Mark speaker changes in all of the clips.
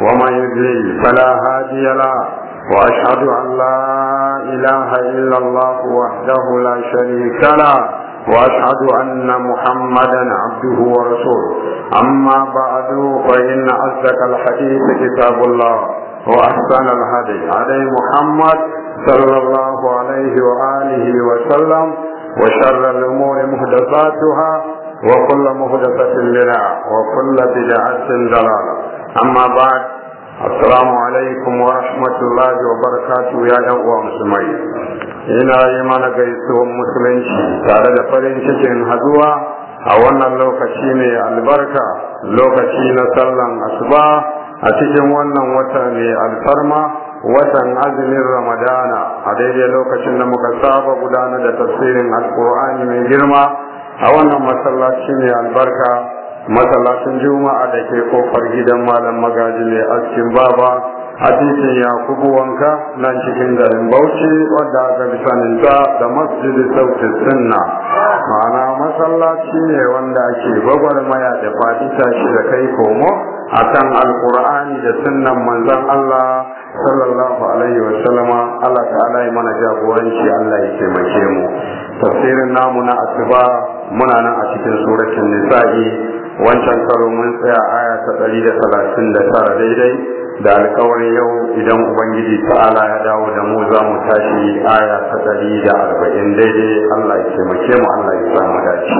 Speaker 1: ومن يدري فلا هادي له وأشهد أن لا إله إلا الله وحده لا شريك له وأشهد أن محمدا عبده ورسوله أما بعد فإن أصدق الحديث كتاب الله وأحسن الهدي علي محمد صلى الله عليه وآله وسلم وشر الأمور محدثاتها وكل محدثة بدعة وكل بدعة ضلالة amma ba asalamu alaikum wa rahmatullahi wa barakatu ya yan uwa musulmai ina yi mana gaisuwan musulunci tare da farin cikin haduwa a wannan lokaci ne albarka lokaci na sallan asuba a cikin wannan wata ne alfarma watan azumin ramadana a daidai lokacin da muka saba gudanar da tafsirin alkur'ani mai girma a wannan masallaci ne albarka masallacin juma'a da ke kofar gidan malam magaji a askin baba a titin yakubu wanka nan cikin garin bauchi wadda aka bi da masjidi sauti sunna ma'ana masallaci ne wanda ake gwagwarmaya da faɗi tashi da kai komo a kan alkur'ani da sunnan manzon allah sallallahu alaihi wa allah ta'ala ya mana jagoranci allah ya taimake mu tafsirin namu na asuba muna nan a cikin suratul nisa'i wancan karo mun tsaya aya ta ɗari da talatin da tara daidai da alkawarin yau idan ubangiji ta'ala ya dawo da mu za mu tashi aya ta ɗari da arba'in daidai allah ya taimake mu allah ya samu dace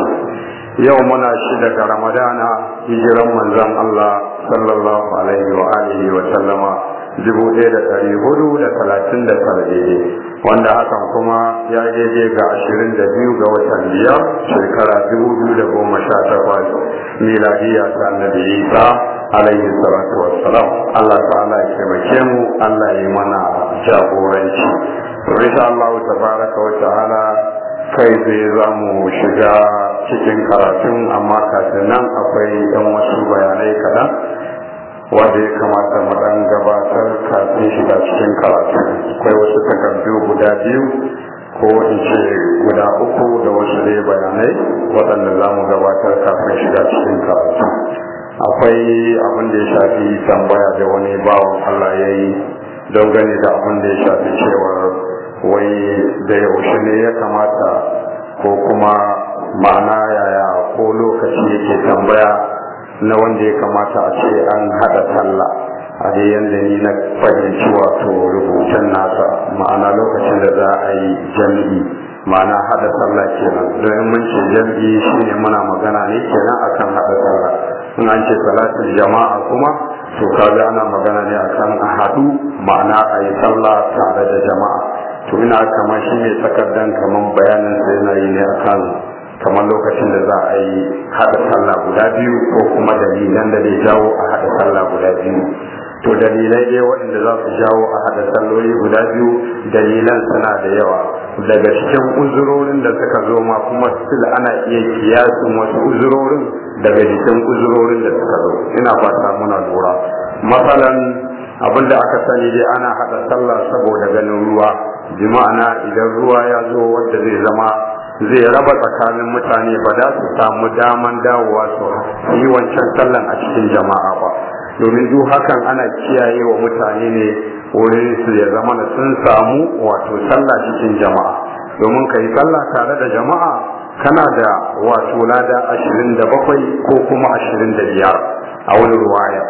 Speaker 1: yau muna shi daga ramadana hijiran manzon allah sallallahu alaihi wa alihi wa sallama dubu ɗaya da ɗari hudu da talatin da tara daidai wanda hakan kuma ya jeje ga 22 ga watan biyar shekara 2018 miladiya ta annabi isa alaihi salatu wassalam Allah ta'ala ya taimake mu Allah ya mana jagoranci to allahu Allah tabaraka wa ta'ala kai zai za mu shiga cikin karatun amma kafin nan akwai ɗan wasu bayanai kaɗan wanda ya kamata mu dan gabatar kafin shiga cikin karatu akwai wasu takardu guda biyu ko in ce guda uku da wasu ne bayanai waɗanda za mu gabatar kafin shiga cikin karatu akwai abin da ya shafi tambaya da wani bawan Allah ya yi don gani da abin da ya shafi cewa wai da yaushe ne ya kamata ko kuma ma'ana yaya ko lokaci yake tambaya na wanda ya kamata a ce an haɗa talla, a dai yanda ni na fahimci wato rubutun nasa ma'ana lokacin da za a yi jam'i ma'ana haɗa talla kenan don mun ce jam'i shine muna magana ne kenan akan hada talla in an ce salatin jama'a kuma to kaga ana magana ne akan a haɗu ma'ana a yi talla tare da jama'a to ina kamar shi ne takardan kamar bayanin sai na yi ne akan kamar lokacin da za a yi haɗa sallah guda biyu ko kuma dalilan da zai jawo a haɗa sallah guda biyu to dalilai dai waɗanda za su jawo a haɗa salloli guda biyu dalilan suna da yawa daga cikin uzurorin da suka zo ma kuma still ana iya kiyasin wasu uzurorin daga cikin uzurorin da suka zo ina fata muna lura masalan abin da aka sani dai ana haɗa sallah saboda ganin ruwa bi ma'ana idan ruwa ya zo wanda zai zama zai raba tsakanin mutane ba za su samu daman dawowa su yi wancan sallan a cikin jama'a ba domin duk hakan ana kiyaye wa mutane ne wurin su ya zama na sun samu wato sallah cikin jama'a domin ka yi sallah tare da jama'a kana da wato lada ashirin da bakwai ko kuma ashirin da biyar a wani ruwaya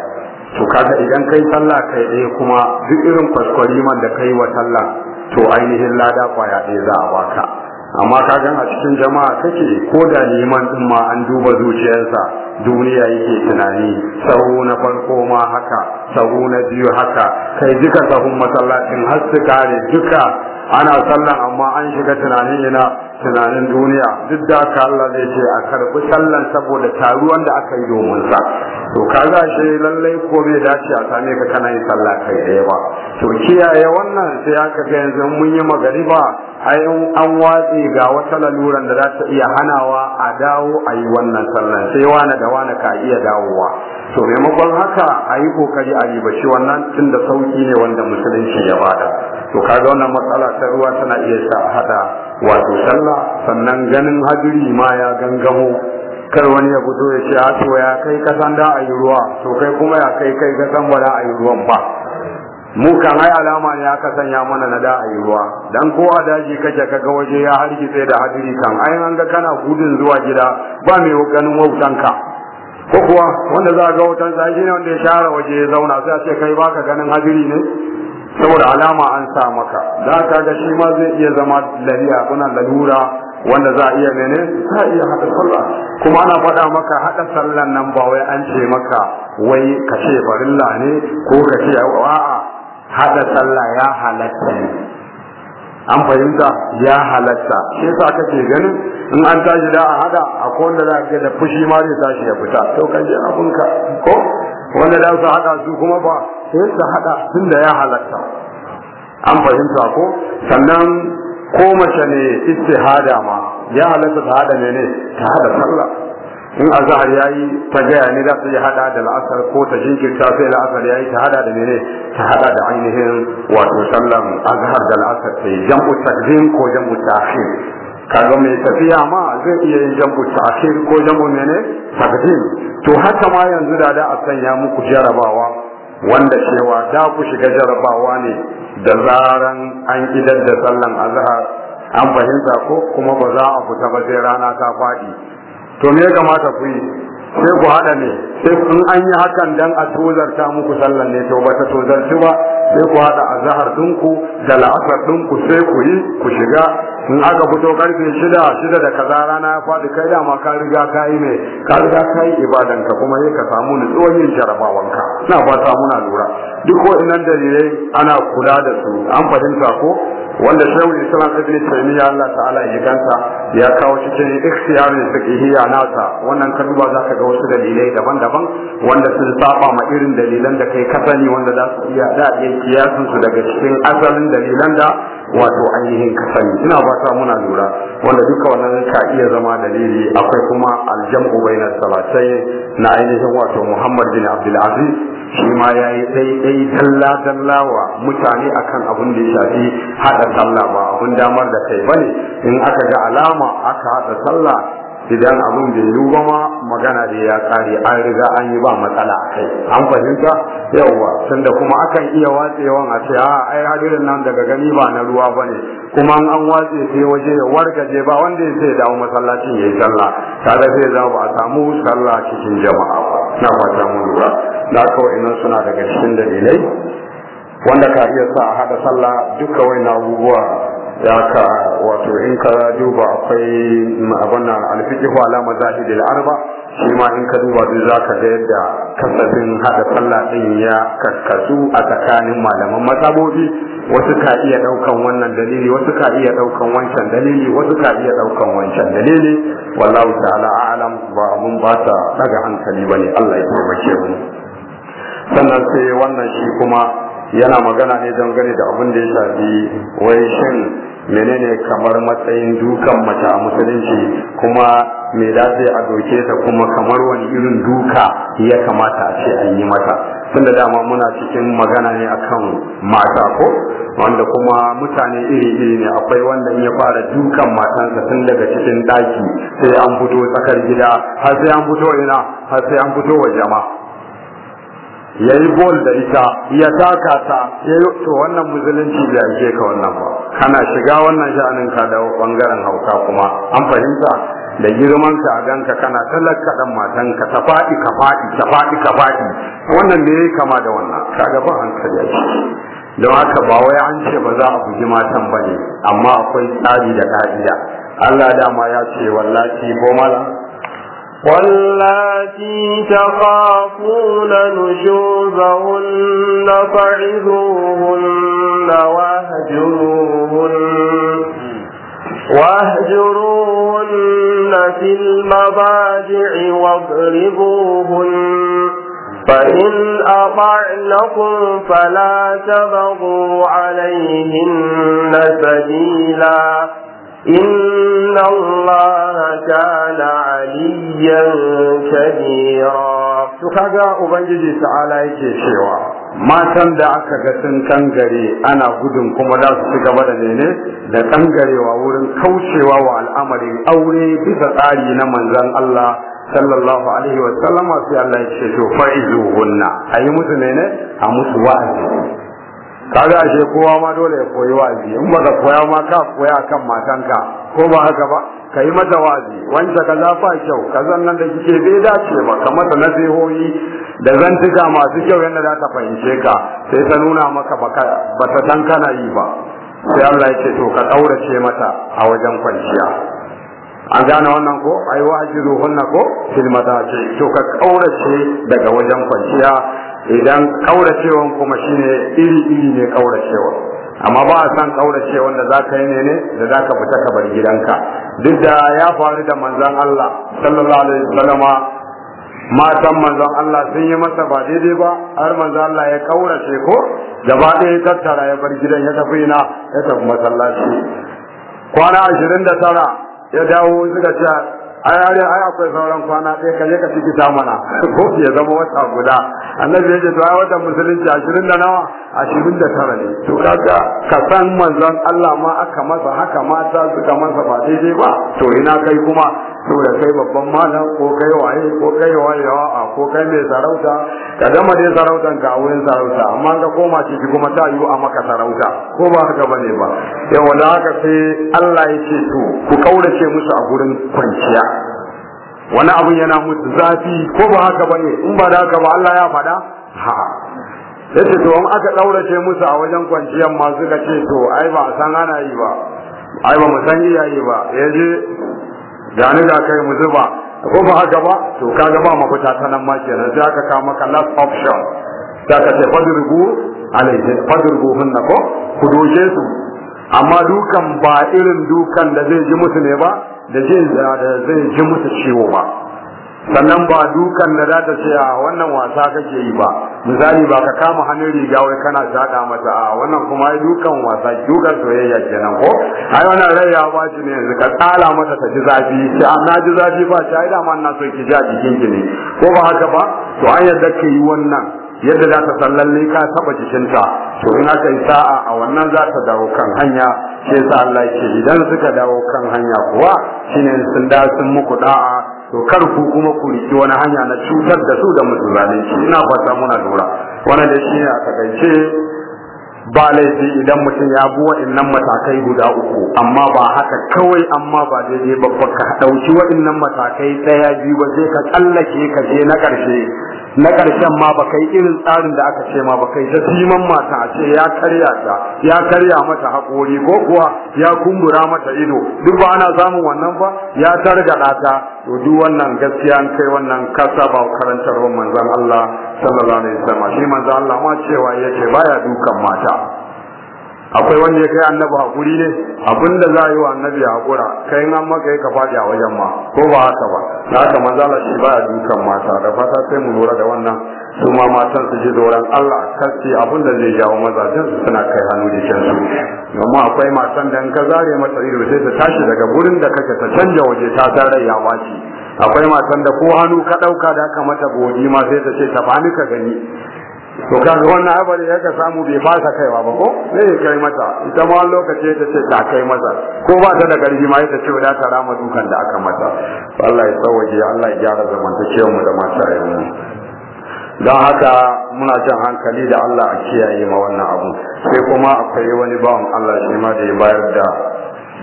Speaker 1: to kaga idan kai sallah kai ɗaya kuma duk irin kwaskwari man da kai wa sallah to ainihin lada kwaya ɗaya za a baka amma ka gan a cikin jama'a kake ko da neman din ma an duba zuciyarsa duniya yake tunani sahu na farko ma haka sahu na biyu haka kai duka sahun masallacin har su kare duka ana sallah amma an shiga tunanin ina tunanin duniya duk da ka Allah zai ce a karbi sallan saboda taruwan da aka yi domin sa to ga shi lallai ko bai dace a same ka kana yin sallah kai dai ba to kiyaye wannan sai aka ga yanzu mun yi magariba ai an watsi ga wata laluran da za ta iya hanawa a dawo a yi wannan sallan sai wani da wani ka iya dawowa to maimakon haka a yi kokari a ribashi wannan tun da sauki ne wanda musulunci ya bada to kaga wannan matsala ta ruwa tana iya sa hada wato sallah sannan ganin hadiri ma ya gangamo kar wani ya fito ya ce a to ya kai kasan da a yi ruwa to kai kuma ya kai kai kasan ba da a yi ruwan ba mu kan ai alama ne aka sanya mana na da a ruwa dan ko a daji kake kaga waje ya hargitse da hadiri kan ai an ga kana gudun zuwa gida ba mai ganin wautanka ko kuwa wanda za a ga wutan sa shi ne wanda ya share waje ya zauna sai a ce kai baka ganin hadiri ne saboda alama an sa maka za ka ga shi ma zai iya zama lariya kuna lalura wanda za a iya mene za iya haɗa sallah kuma ana faɗa maka haɗa sallan nan ba wai an ce maka wai ka ce farilla ne ko ka ce a'a haɗa sallah ya halatta ne an fahimta ya halatta shi yasa kake ganin in an tashi da a hada akwai wanda za a ka da fushi ma zai tashi ya fita to kan je abinka ko wanda da su hada su kuma ba sai su hada tun da ya halatta an fahimta ko sannan ko mace ne istihada ma ya halatta ta hada ne ne ta hada sallah in azhar yayi ta gaya ne za ta yi hada da la'asar ko ta jinkirta sai la'asar yayi ta hada da mene ta hada da ainihin wato sallan azhar da la'asar sai jam'u takdim ko jam'u ta'khir kaga mai tafiya ma zai iya yin jam'u ta'khir ko jam'u mene takdim to haka ma yanzu da da a sanya muku jarabawa wanda cewa da ku shiga jarabawa ne da zaran an idar da sallan azhar an fahimta ko kuma ba za a fita ba sai rana ta faɗi to me ya kamata ku yi sai ku haɗa ne sai in an yi hakan dan a tozarta muku sallan ne to ba ta tozarci ba sai ku haɗa a zahar ɗinku da la'asar ɗinku sai ku yi ku shiga in aka fito karfe shida shida da kaza rana ya faɗi kai dama ka riga ka yi mai ka riga ka yi ibadanka kuma sai ka samu nutsuwar yin jarabawanka na ba samu muna lura duk waɗannan dalilai ana kula da su an fahimta ko wanda shehu islam ibn taymiya Allah ta'ala ya ganta ya kawo cikin ikhtiyarin fiqhiyya nasa wannan ka duba zaka ga wasu dalilai daban-daban wanda sun saba ma irin dalilan da kai kasani wanda za su iya da iya kiyasin su daga cikin asalin dalilan da wato ainihin kasani ina ba ta muna lura wanda duka wannan ka iya zama dalili akwai kuma aljam'u bainas salatai na ainihin wato Muhammad bin Abdul Aziz shi ma ya yi daidai talla wa mutane a kan abin da ya shafi haɗa sallah ba abin damar da kai bane in aka ga alama aka haɗa sallah idan abin da ya yi ba ma magana da ya tsari, an riga an yi ba matsala a kai an fahimta yawwa tunda kuma akan iya watsewan a ce a ah, ai hadirin nan daga gani ba na ruwa ba ne kuma an watse sai waje ya wargaje ba wanda ya sai dawo masallacin yi sallah kaga sai za ba samu sallah cikin jama'a na fata mun lura da kawai nan suna daga cikin dalilai wanda ka iya sa a hada sallah duka na abubuwa ya ka wato in ka duba akwai abana alfiqhu ala mazahidil arba' shi ma in ka duba duk za ka ga yadda kasafin haɗa sallah ɗin ya kakkasu a tsakanin malaman matsabobi wasu ka iya ɗaukan wannan dalili wasu ka iya ɗaukan wancan dalili wasu ka iya ɗaukan wancan dalili wallahu ta'ala a'lam ba mun ba ta daga hankali bane Allah ya taimake mu sannan sai wannan shi kuma yana magana ne dangane da abin da ya shafi wai shin menene kamar matsayin dukan mace a musulunci kuma me za ta a doke ta kuma kamar wani irin duka ya kamata a ce an yi mata tun da dama muna cikin magana ne akan mata ko wanda kuma mutane iri-iri ne akwai wanda ya fara dukan matansa tun daga cikin daki sai an fito tsakar gida har sai an fito ina har sai an fito wa jama'a
Speaker 2: ya yi gol da ita ya taka ta
Speaker 1: ya yi to wannan musulunci da yake ka wannan ba kana shiga wannan sha'anin ka da bangaren hauka kuma an fahimta da girman ka a ganka kana talaka dan matan ka ta faɗi ka faɗi ta faɗi ka faɗi wannan ne kama da wannan kaga ba hankali a don haka ba wai an ce ba za a buji matan ba ne amma akwai tsari da ka'ida Allah dama ya ce wallahi ko mala
Speaker 2: واللاتي تخافون نشوزهن فعذوهن واهجروهن واهجروهن في المضاجع واضربوهن فإن أطعنكم فلا تبغوا عليهن سبيلا إن الله كان عليا كبيرا kaga ubangiji ta'ala yake cewa matan da
Speaker 1: aka ga sun kangare ana gudun kuma za su ci gaba da nene da kangarewa wurin kaucewa wa al'amarin aure bisa tsari na manzon Allah sallallahu alaihi wa sallama Allah ya ce to fa'izuhunna ayi musu nene a musu wa'azi kaga ashe kowa ma dole ya koyi wazi in baka koya ma ka koya kan matanka ko ba haka ba ka yi mata wazi wanda kaza fa kyau kazan nan da kike bai dace ba ka mata nasihohi da zantuka masu kyau yadda za ta fahimce ka sai ta nuna maka ba ta san kana yi ba sai Allah ya ce to ka ce mata a wajen kwanciya an gane wannan ko ai wajiru hunna ko filmata ce to ka ce daga wajen kwanciya idan kauracewan kuma shine iri iri ne kauracewa amma ba a san kauracewan da zaka yi ne da zaka fita ka bar gidanka duk da ya faru da manzon Allah sallallahu alaihi wasallama matan manzon Allah sun yi masa ba daidai ba har manzon Allah ya kaurace ko gaba ɗaya tattara ya bar gidan ya tafi ina ya tafi masallaci kwana ashirin da tara ya dawo suka ce ai ai akwai sauran kwana ɗaya kaje ka ciki ta mana ko ya zama wata guda annabi yace to ai wata musulunci 20 da nawa 29 ne to kaga ka san manzon Allah ma aka masa haka mata suka masa ba daidai ba to ina kai kuma saboda kai babban malam ko kai waye ko kai wayewa a ko kai mai sarauta ka zama dai sarautan ka a wurin sarauta amma ka koma ciki kuma ta yiwu a maka sarauta ko ba haka bane ba yawa da haka sai Allah ya ce to ku kaurace musu a gurin kwanciya wani abu yana musu zafi ko ba haka bane in ba da haka ba Allah ya faɗa ha yace to in aka ɗaurace musu a wajen kwanciyar masu ka ce to ai ba san ana yi ba ai ba mu san iyaye ba yaje ni da kai mu zuba ko ba haka ba to ka ga ba mafita ta nan ma kenan sai aka kawo maka last option da ka ce fadrubu alaihi fadrubu hunna ko ku doke amma dukan ba irin dukan da zai ji musu ne ba zai da zai ji musu ciwo ba sannan ba dukan da za ta ce a wannan wasa kake yi ba misali ba ka kama hannun riga wai kana shaɗa mata a wannan kuma ai dukan wasa dukan soyayya kenan ko ai wannan rai ya ba ne ka tsala mata ta ji zafi ce a na ji zafi ba ce ai dama na so ki ji a jikin ki ne ko ba haka ba to an yadda ka yi wannan yadda za ta sallalle ka saba jikinta to ina aka yi sa'a a wannan za ta dawo kan hanya sai sa Allah ya ce idan suka dawo kan hanya kuwa shine sun da sun muku da'a to kar ku kuma ku riki wani hanya na cutar da su da musu shi, ina fata muna lura wannan da shi ne a takaice ba laifi idan mutum ya bi waɗannan matakai guda uku amma ba haka kawai amma ba daidai ba ka ɗauki waɗannan matakai ɗaya biyu ba sai ka tsallake ka je na ƙarshe na ƙarshen ma ba kai irin tsarin da aka ce ma ba kai siman mata a ce ya karya ta ya karya mata haƙori ko kuwa ya kumbura mata ido duk ba ana samun wannan ba ya targaɗa ta to duk wannan gaskiya an kai wannan kasa ba karantarwar manzon Allah sallallahu alaihi wasallam shi manzon Allah ma cewa yake baya dukan mata akwai wanda ya kai annabi hakuri ne abinda za a yi wa annabi hakura kai nan maka ka faɗi a wajen ma ko ba haka ba na haka la shi ba dukan mata da fata sai mu lura da wannan su ma matan su ji doron Allah kasti abin zai jawo mazajen su suna kai hannu jikin su amma akwai matan da in ka zare mata ido sai ta tashi daga gurin da kake ta canja waje ta tare ya waci akwai matan da ko hannu ka ɗauka da aka mata godi ma sai ta ce ta bani ka gani
Speaker 2: to kaga wannan
Speaker 1: abali da ka samu bai fasa kaiwa ba ko zai kai mata ita ma lokaci ta ce ta kai mata ko ba ta da karfi ma ita ce da ta rama dukan da aka mata Allah ya tsawaje Allah ya gyara zamantakewar mu da mata mu don haka muna jan hankali da Allah a kiyaye ma wannan abu sai kuma akwai wani bawan Allah shi ma da ya bayar da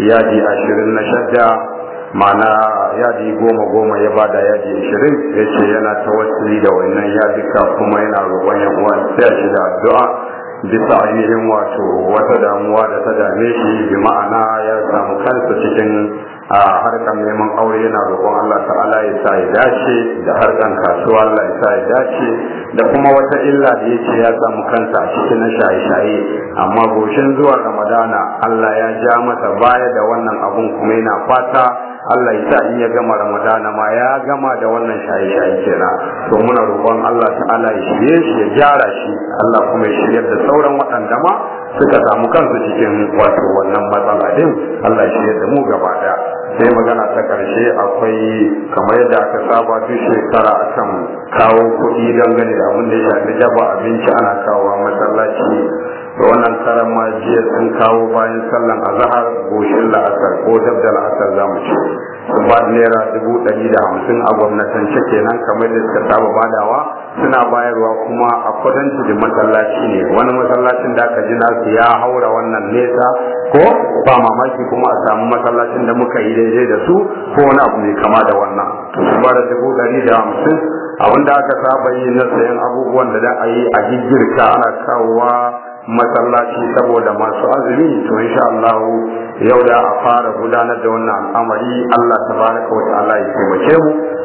Speaker 1: yadi ashirin na shadda mana yadi goma goma ya bada yadi ashirin ya ce yana ta tawassuli da wannan yadika kuma yana roƙon ya uwan sai shi da addu'a bisa ainihin wato wata damuwa da ta dame shi bi ma'ana ya samu kansa cikin a harkan neman aure yana roƙon Allah ta'ala ya sa ya dace da harkan kasuwa Allah ya sa ya dace da kuma wata illa da yake ya samu kansa a cikin shaye-shaye amma goshin zuwa Ramadana Allah ya ja masa baya da wannan abun kuma yana fata Allah ya sa in ya gama Ramadana ma ya gama da wannan shaye-shaye kenan to muna roƙon Allah ta'ala ya shirye shi ya gyara shi Allah kuma ya shirye da sauran waɗanda ma suka samu kansu cikin wato wannan matsala din Allah ya shirye da mu gaba ɗaya sai magana ta ƙarshe akwai kamar yadda aka saba duk shekara akan kawo kuɗi dangane da abin da ya shafi jaba abinci ana kawo masallaci da wannan karan ma jiya sun kawo bayan sallan zahar goshin la'asar ko dab da la'asar za mu ci Su ba da naira dubu ɗari da hamsin a gwamnatance kenan kamar da suka saba badawa suna bayarwa kuma a kudanci da masallaci ne wani masallacin da aka ji nasu ya haura wannan nesa ko ba mamaki kuma a samu masallacin da muka yi daidai da su ko wani abu mai kama da wannan Su ba da dubu ɗari da hamsin abinda aka saba yi na sayan abubuwan da za a yi a jirgirka ana kawowa masallaci saboda masu azumi to insha Allah yau da a fara gudanar da wannan al'amari Allah tabaraka wa ta'ala ya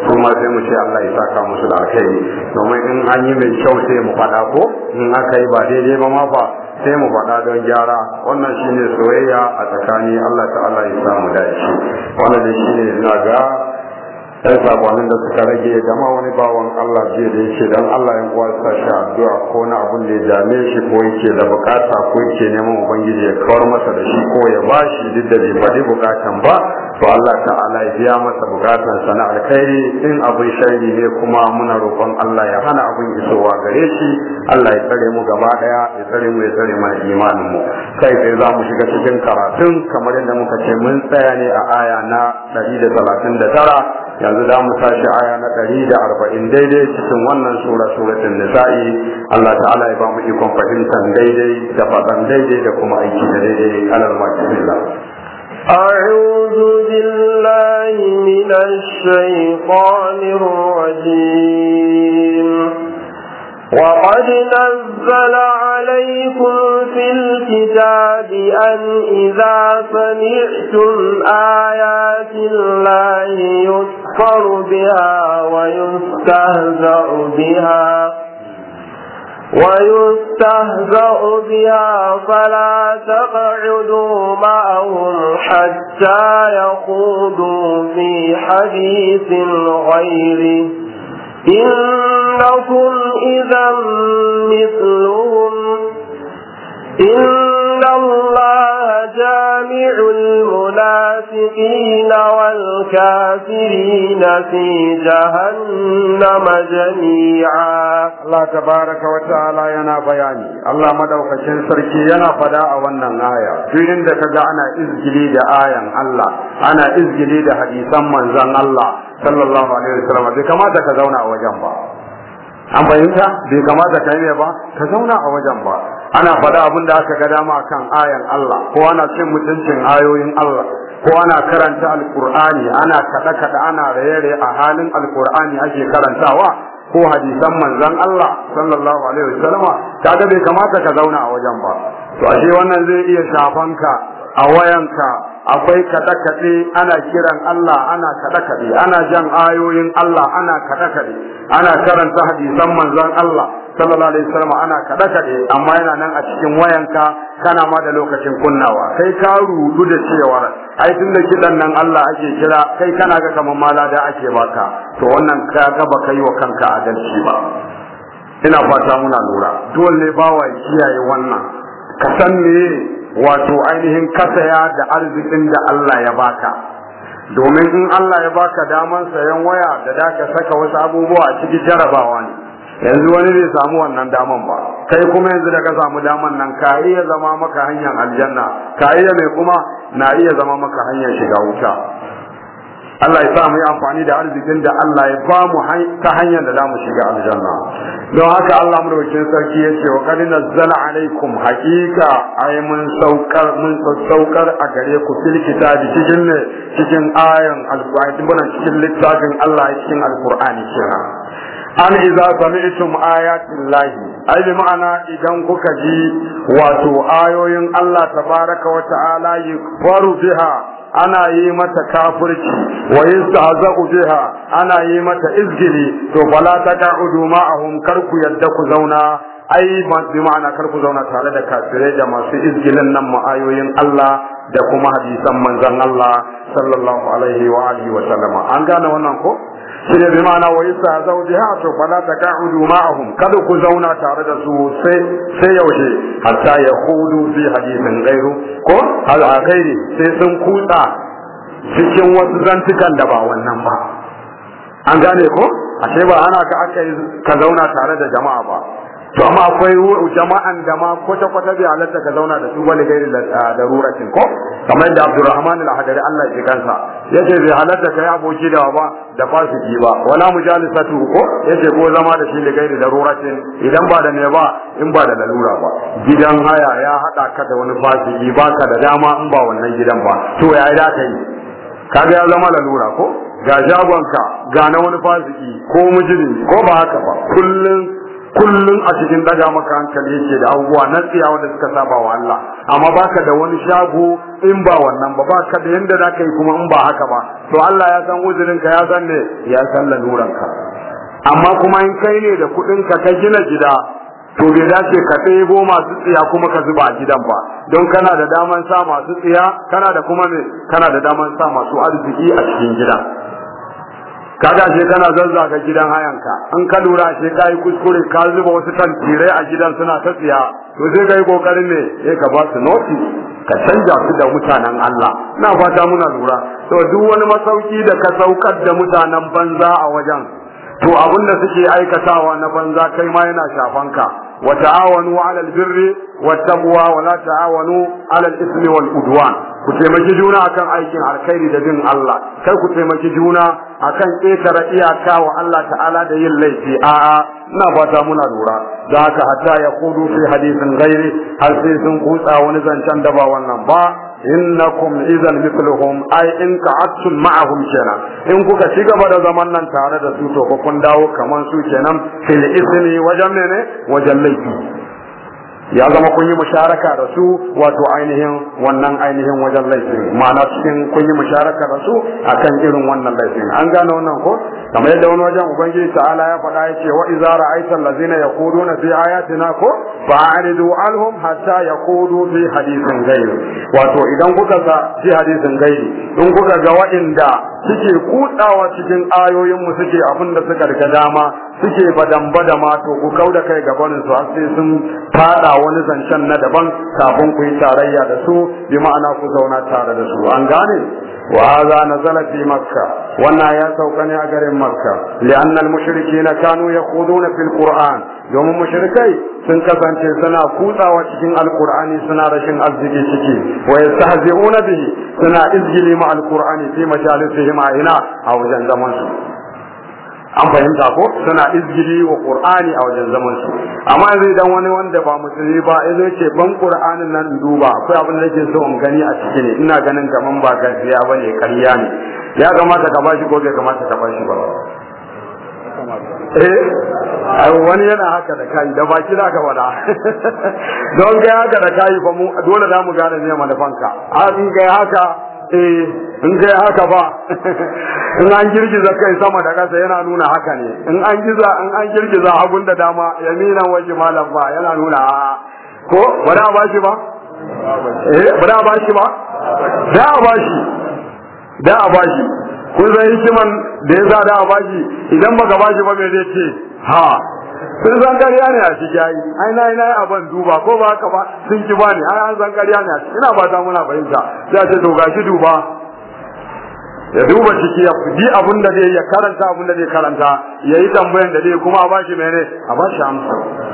Speaker 1: taimake mu su sai mu ce Allah ya saka musu da alkhairi domin in an yi mai kyau sai mu faɗa ko in aka yi ba daidai ba ma fa sai mu faɗa don gyara wannan shine soyayya a tsakani Allah ta'ala ya samu dace wannan shine ina ga yan sabonin da suka rage zama wani bawan Allah je da yake dan Allah ya sa shi addu'a ko na abun da ya dame shi ko yake da bukata ko yake neman ubangiji ya kawar masa da shi ko ya bashi duk da bai faɗi bukatan ba to Allah ta'ala ya biya masa bukatan sana alkhairi in abin sharri ne kuma muna roƙon Allah ya hana abin isowa gare shi Allah ya tsare mu gaba daya ya tsare mu ya tsare mana imanin mu kai sai za mu shiga cikin karatun kamar yadda muka ce mun tsaya ne a aya na 139 yanzu za mu tashi aya na ɗari da arba'in daidai cikin wannan sura suratun nisa'i Allah ta'ala ya ba mu ikon fahimtar daidai da faɗan daidai da kuma aiki da daidai alal makibila
Speaker 2: أعوذ بالله من الشيطان الرجيم وقد نزل عليكم في الكتاب أن إذا سمعتم آيات الله يسفر بها ويستهزأ بها ويستهزأ بها فلا تقعدوا معهم حتى يخوضوا في حديث غيره إنكم إذا مثلهم إن الله جامع المنافقين والكافرين في جهنم جميعا الله تبارك وتعالى ينا بياني الله مدوكشن
Speaker 1: سركي ينا فداء wannan aya filin da kaga ana izgili da ayan Allah ana izgili da hadisan manzon Allah sallallahu alaihi bai kamata ka zauna a wajen ba
Speaker 2: an bayyana bai kamata
Speaker 1: ka yi ba ka zauna a wajen ba ana faɗa abin da aka ga dama kan ayan Allah ko ana cin mutuncin ayoyin Allah ko ana karanta alkur'ani ana kaɗe kaɗe ana raye-raye a halin alkur'ani ake karantawa ko hadisan manzon Allah sallallahu alaihi wasallama kaga bai kamata ka zauna a wajen ba to ashe wannan zai iya shafan ka a wayanka akwai kaɗa kaɗe ana kiran Allah ana kaɗe-kaɗe ana jan ayoyin Allah ana kaɗe-kaɗe ana karanta hadisan manzon Allah sallallahu alaihi wasallam ana kada kade amma yana nan a cikin wayanka kana ma da lokacin kunnawa kai ka rudu da cewa ai tunda kidan nan Allah ake kira kai kana ga kamar malada ake baka to wannan ka ga ba kai wa kanka adalci ba ina fata muna lura dole bawa kiyaye wannan ka san ne wato ainihin kasaya da arzikin da Allah ya baka domin in Allah ya baka daman sayan waya da da saka wasu abubuwa a cikin jarabawa ne yanzu wani bai samu wannan daman ba kai kuma yanzu da ka samu daman nan ka iya zama maka hanyar aljanna ka iya mai kuma na iya zama maka hanyar shiga wuta Allah ya sa mu yi amfani da arzikin da Allah ya ba mu ta hanyar da zamu shiga aljanna don haka Allah madaukakin sarki ya ce wa qad nazzala alaikum haqiqa ay mun saukar mun saukar a gare ku fil kitabi cikin ne cikin ayan alqur'ani cikin littafin Allah cikin alqur'ani kenan an iza sami'tum ayatin lahi ai bi ma'ana idan kuka ji wato ayoyin Allah tabaraka wa ta'ala faru biha ana yi mata kafirci wa yastahza'u biha ana yi mata izgili to bala taq'udu ma'ahum kar ku yadda ku zauna ai bi ma'ana kar zauna tare da kafire da masu izgilin nan ma'ayoyin Allah da kuma hadisan manzon Allah sallallahu alaihi wa wa sallama an gane wannan ko shine bi ma'ana wa yasa zawjiha to fala taq'udu ma'ahum kada ku zauna tare da su sai sai yaushe hatta ya hudu fi hadithin gairu ko hal ghairi sai sun kutsa cikin wasu zantukan da ba wannan ba an gane ko ashe ba ana ka aka ka zauna tare da jama'a ba to amma akwai jama'an da ma kwata kwata bai halatta ka zauna da su wani gairi da ruratin ko kamar da Abdurrahman al-Hadari Allah ya kansa yace bai halatta kai aboki da ba da fasiki ba wala mujalisatu ko yace ko zama da shi da gairi da ruratin idan ba da me ba in ba da lalura ba gidan haya ya hada ka da wani fasiki baka da dama in ba wannan gidan ba to ya da kai ga ya zama lalura ko ga jagonka ga na wani fasiki ko mujiri ko ba haka ba kullum Kullum a cikin daga maka hankali yake da abubuwa na tsiyawa da suka saba wa Allah amma baka da wani shago in ba wannan ba baka da yanda za ka yi kuma in ba haka ba to Allah ya san ka ya san ne ya san ka. amma kuma in kai ne da kuɗinka ka gina gida to bai dace ka ɗebo masu tsiya kuma ka zuba a gidan ba don kana da daman sa masu tsiya kana da kuma ne kana da daman sa masu arziki a cikin gida kaga sai kana ga gidan hayanka an ka lura sai ka yi kuskure ka zuba wasu tantirai a gidan suna ta tsiya to sai ka kokarin ne sai ka ba su noti ka canja su da mutanen Allah na fata muna lura to duk wani masauki da ka saukar da mutanen banza a wajen to abin da suke aikatawa na banza kai ma yana shafanka وتعاونوا على البر والتقوى ولا تعاونوا على الإثم والعدوان ku taimaki juna akan aikin alkhairi da bin Allah kai ku taimaki juna akan ƙetare iyakawa Allah ta'ala da yin laifi a'a ina fata muna lura da haka hatta ya kudu hadisin gairi har sai sun kutsa wani zancen da ba wannan ba innakum idan mithluhum ai in ka'attum ma'ahum kenan in kuka ci gaba da zaman nan tare da su to kun dawo kaman su kenan fil ismi wajen mene wajen laifi ya zama kun yi musharaka da su wato ainihin wannan ainihin wajen laifin ma'ana cikin kun yi musharaka da su akan irin wannan laifin an gane wannan ko kamar yadda wani wajen ubangiji ta'ala ya faɗa ya ce wa iza ra'aita allazina yaquluna fi ayatina ko fa'aridu alhum hatta yaqulu fi hadithin ghayr wato idan kuka ga fi hadithin ghayr in kuka ga wa'inda suke kuɗawa cikin ayoyin mu suke abinda suka rika dama suke badan bada ma to ku kauda kai gabanin su har sai sun fada wani zancen na daban kafin ku yi tarayya da su bi ma'ana ku zauna tare da su an gane wa na nazala fi makka wannan ya sauka ne a garin makka li'anna al-mushrikeena kanu yaquduna fil qur'an domin mushrikai sun kasance suna kutsawa cikin alqur'ani suna rashin arziki ciki wa yastahzi'una bihi suna izgili ma alqur'ani fi majalisihim a ina a wajen zaman su an fahimta ko suna izgiri wa qur'ani a wajen zaman su amma yanzu idan wani wanda ba musulmi ba yazo ce ban qur'anin nan duba akwai abin da yake so in gani a ciki ne ina ganin kaman ba gaskiya bane ƙarya ne ya kamata ka bashi ko bai kamata ka bashi ba eh wani yana haka da kai da baki za ka wada don ga haka da kai fa mu dole za mu gane ne manufanka a in ga haka eh in kai haka ba in an girgiza kai sama da ƙasa yana nuna haka ne in an giza in an girgiza hagun da dama yaminan waje malam ba yana nuna ko ba ba shi ba eh ba ba shi ba
Speaker 2: da ba shi
Speaker 1: da ba shi kun san hikiman da ya za da ba shi idan baka ba shi ba me zai ce ha sun san ƙarya ne a ciki ai aina na a abin duba ko ba haka ba sun ki bani ne an san ƙarya ne ina ba ta muna fahimta sai a ce to shi duba ya duba ciki ya bi abin da zai ya karanta abin da zai karanta ya yi tambayan da zai kuma a bashi mene a bashi amsa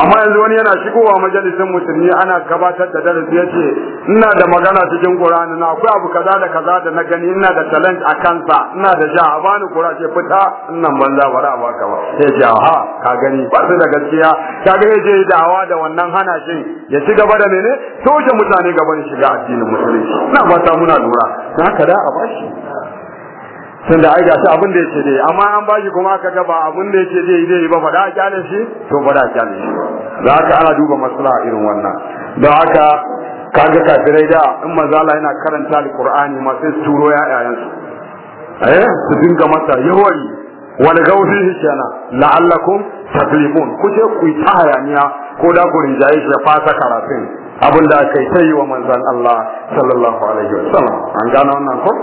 Speaker 1: amma yanzu wani yana shigowa majalisin musulmi ana gabatar da darasi yace ina da magana cikin qur'ani na akwai abu kaza da kaza da na gani ina da talent a kansa ina da ja a bani qur'a ce fita nan banza bara ba ka ba sai ja ha ka gani ba su da gaskiya ka ga yaje da'awa da wannan hana shi ya ci gaba da mene toshe mutane gaban shiga addinin musulunci ba ta muna lura na da a bashi sun da aida shi abin da yake dai amma an bashi kuma aka ga ba abin da yake dai dai ba fada kyale shi to fada kyale shi da aka ana duba masala irin wannan da haka kaga kafirai da in mazala yana karanta alqur'ani ma sai turo yayayansu eh su dinga masa yawai wani gaufi kenan la'allakum taflimun ku je ku ta hayaniya ko da ku rinjaye shi fasa karatun abin da aka yi sai wa manzon Allah sallallahu alaihi wasallam an gano wannan ko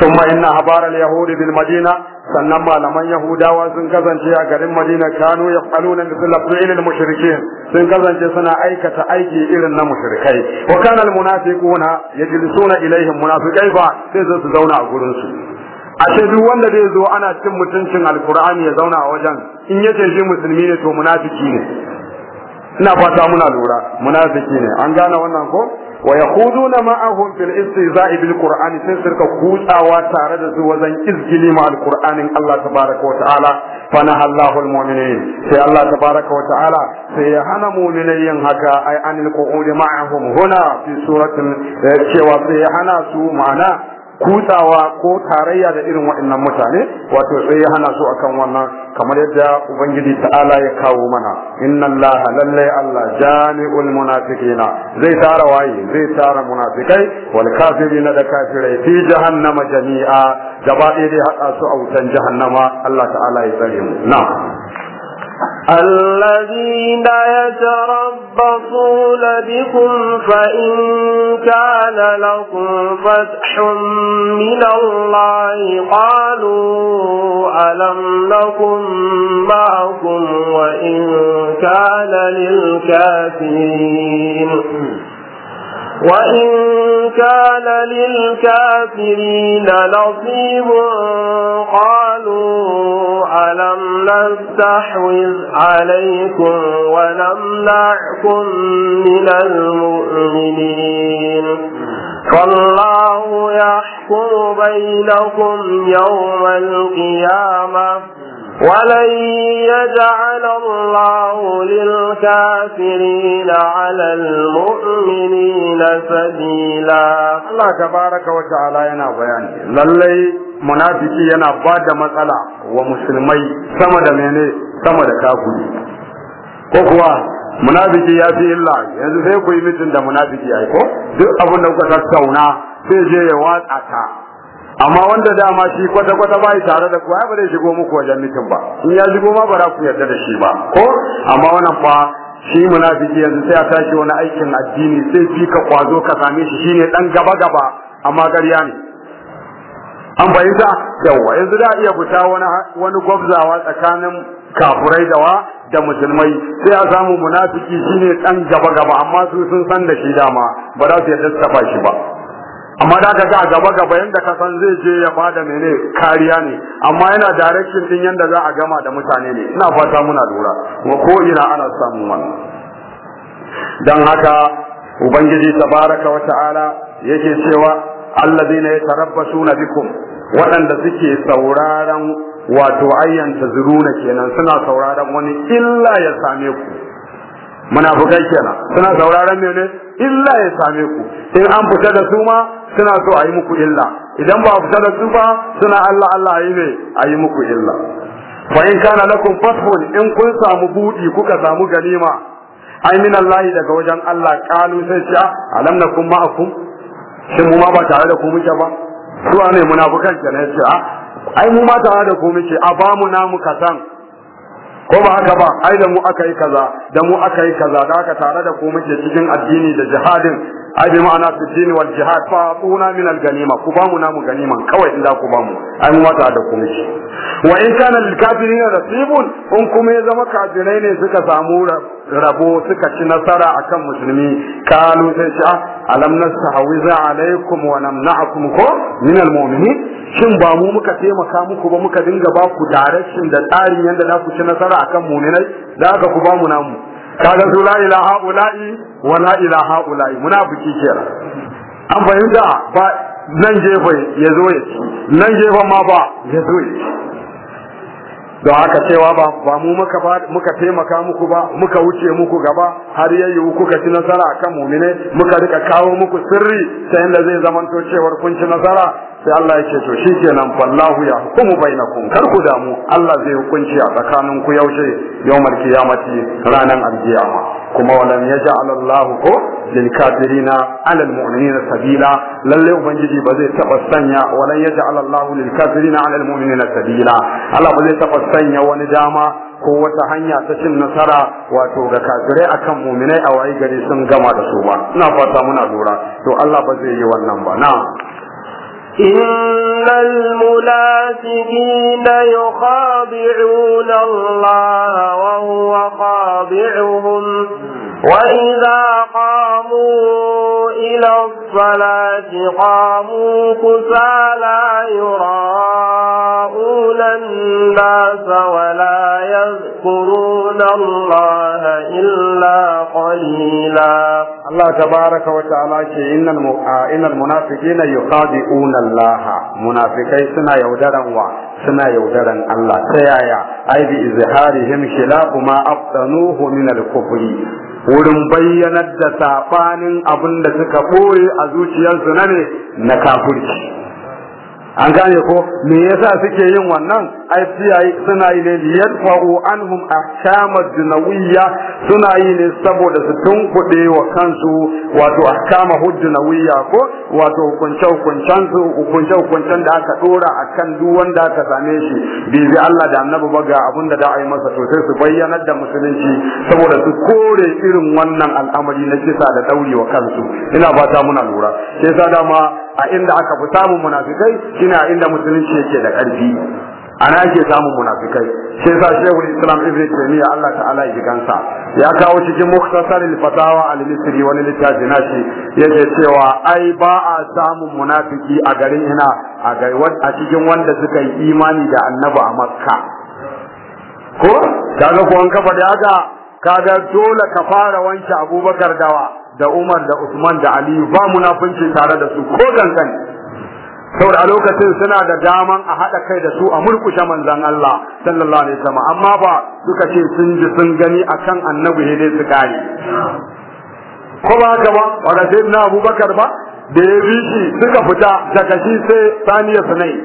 Speaker 1: ثم إن أخبار اليهود madina. sannan malaman yahudawa sun kazance a garin madina kanu ya falu na misal fi'ilil sun kazance suna aikata aiki irin na mushrikai wa kana al munafiquna yajlisuna ilaihim munafiqai ba sai su zauna a gurin su shaidu duk wanda zai zo ana cin mutuncin alqur'ani ya zauna a wajen in yace shi musulmi ne to munafiki ne ina fata muna lura munafiki ne an gane wannan ko wa yaquduna ma'ahum fil istiza'i bil qur'ani sai su rika kutsawa tare da su wajen izgili ma al qur'anin Allah tabaraka wa ta'ala fa na Allahul mu'minin sai Allah tabaraka wa ta'ala sai ya hana mu'minai yin haka ai anil qu'ud ma'ahum huna fi suratin eh, cewa sai ya hana su ma'ana kutsawa ko tarayya da irin waɗannan mutane wato sai ya hana su akan wannan kamar yadda ubangiji ta'ala ya kawo mana inna allaha lallai allah jami'ul munafiqina zai tara waye zai tara munafikai wal kafirina da kafirai fi jahannama jami'a gaba ɗaya dai haɗa su a wutan jahannama allah ta'ala ya tsare mu na'am
Speaker 2: الذين يتربصون بكم فإن كان لكم فتح من الله قالوا ألم نكن معكم وإن كان للكافرين وإن كان للكافرين نصيب قالوا ألم نستحوذ عليكم ونمنعكم من المؤمنين فالله يحكم بينكم يوم القيامة ولن يجعل الله للكافرين على المؤمنين سبيلا الله تبارك وتعالى ينا بيان
Speaker 1: للي منافقي ينا بعد مسألة ومسلمي سمد مني سمد كافر كوكوا munafiki ya fi illa yanzu sai ku yi mitin da munafiki ya ko duk abin da kuka tattauna sai je ya watsa ta amma wanda dama shi kwata kwata yi tare da ku ai ba shigo muku wajen mutum ba in ya shigo ma ba za ku yarda da shi ba ko amma wannan fa shi munafiki yanzu sai a tashi wani aikin addini sai fi ka kwazo ka same shi shine dan gaba gaba amma gariya ne an za yawa yanzu da iya fita wani wani gwabzawa tsakanin kafurai da wa da musulmai sai a samu munafiki shine dan gaba gaba amma su sun san da shi dama ba za su yarda su tafa shi ba amma da ka a gaba gaba yadda ka san zai je ya bada mene kariya ne amma yana direction din yadda za a gama da mutane ne ina fata muna lura kuma ko ina ana samun wannan dan haka ubangiji tabaraka wa ta'ala yake cewa allazina yatarabbasuna bikum waɗanda suke sauraron wato ayyanta zuruna kenan suna sauraron wani illa ya same ku munafukai kenan suna sauraron mene illa ya same ku in an fita da su ma suna so a yi muku illa idan ba a fita da su ba suna Allah Allah ya yi ne a yi muku illa fa in kana lakum fathun in kun samu budi kuka samu ganima ai min Allah daga wajen Allah kalu sai ce ah, alam nakum ma'akum shin mu ma ba tare da ku muke ba su ne munafukan ne ce ah, ai mu ma tare da ku muke a ba mu namu kasan ko ba haka ba ai da mu aka yi kaza da mu aka yi kaza da aka tare da ku muke cikin addini da jihadin ai ma'ana su dini wal jihad fa tuna min al ganima ku ba mu namu ganima kawai in ku ba mu ai mu mata da kuma shi wa in kana lil kafirin in kuma ya zama kafirai ne suka samu rabo suka ci nasara akan musulmi kalu sai ci ah, alam nastahawiza alaikum wa namna'akum ko min al mu'minin shin ba mu muka taimaka muku ba muka dinga ba ku da tsarin yanda za ku ci nasara akan mu'minai da aka ku ba mu namu kaga su la ilaha ula'i wa la ilaha ula'i munafiki kenan an fahimta ba nan jefa ya zo ya ci nan jefa ma ba ya zo ya ci don haka cewa ba mu muka taimaka muku ba muka wuce muku gaba har yayi ku kuka ci nasara kan mumine muka rika kawo muku sirri ta inda zai to cewar kun ci nasara sai Allah ya ce to shikenan wallahu ya hukumu bainakum kar ku damu Allah zai hukunci a tsakaninku yaushe yawmal qiyamati ranan ma. kuma walam yaj'al Allah ko lil kafirina ala mu'minina sabila lalle ubangiji ba zai taba sanya walam yaj'al Allah lil kafirina ala mu'minina sabila Allah ba zai taba sanya wani dama ko wata hanya ta cin nasara wato ga kafirai akan mu'minai a waye gari sun gama da su ba ina fata muna lura to Allah ba zai yi wannan ba na'am
Speaker 2: إن الملاسكين يخادعون الله وهو خادعهم وإذا قاموا إلى الصلاة قاموا كسالى يراءون الناس ولا يذكرون الله إلا قليلا
Speaker 1: الله تبارك وتعالى إن إن المنافقين يخادعون الله منافقين سنا يودرا سنا يودرا الله سيايا أي بإظهارهم خلاف ما أبطنوه من الكفر wurin bayyanar da saɓanin abin da suka ɓoye a zuciyarsu na ne na kafirci an gane ko me yasa suke yin wannan ai siyayi suna yi ne yadfa'u anhum ahkama dunawiyya suna yi ne saboda su tunkuɗe wa kansu wato ahkama hujjunawiyya ko wato hukunce hukuncen su hukunce hukuncen da aka dora akan duk wanda aka same shi bibi Allah da Annabi ba ga abin da da ai masa to sai su bayyanar da musulunci saboda su kore irin wannan al'amari na kisa da ɗauri wa kansu ina fata muna lura sai sa dama a inda aka fi samun munafikai shine a inda musulunci yake da ƙarfi ana ake samun munafikai sai sa shehul islam ibn taymiya Allah ta'ala ya gansa ya kawo cikin muktasar al-fatawa al-misri wani littafi nashi yake cewa ai ba a samun munafiki a garin ina a a cikin wanda suka yi imani da annabi a makka ko kaga ko an kafa da haka kaga dole ka fara wanke abubakar dawa da Umar da Usman da Ali ba munafunci tare da su ko gangan saboda a lokacin suna da daman a haɗa kai da su a murkushe manzon Allah sallallahu alaihi wasallam amma ba suka ce sun ji sun gani akan annabi ne dai su ko ba ka ba ba da na Abubakar ba da ya bi shi suka fita daga shi sai ya sanai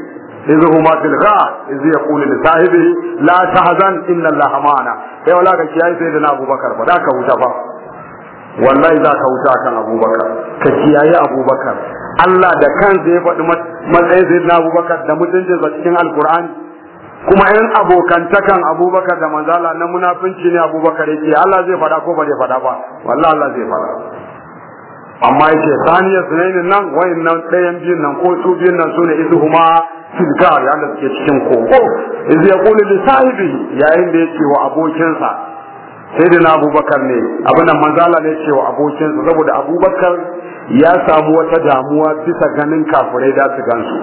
Speaker 1: إذ هما في الغار إذ يقول لصاحبه لا تحزن إن الله معنا يا ولا كي سيدنا أبو بكر فذاك وجفا wallahi za ka wuta akan abubakar ka kiyaye abubakar Allah da kan zai faɗi matsayin na abubakar da mutuncinsa cikin alkur'ani kuma yan abokantakan abubakar da manzala na munafinci ne abubakar yake Allah zai faɗa ko ba zai faɗa ba wallahi Allah zai faɗa amma yake saniya sunayin nan wayin nan ɗayan biyun nan ko su biyun nan su ne isu kuma ya suke cikin koko. izu ya kuli da sahibi yayin da yake wa abokinsa Saidina abubakar ne abin nan manzala ne cewa abokinsa saboda abubakar ya samu wata damuwa bisa ganin kafirai da su gansu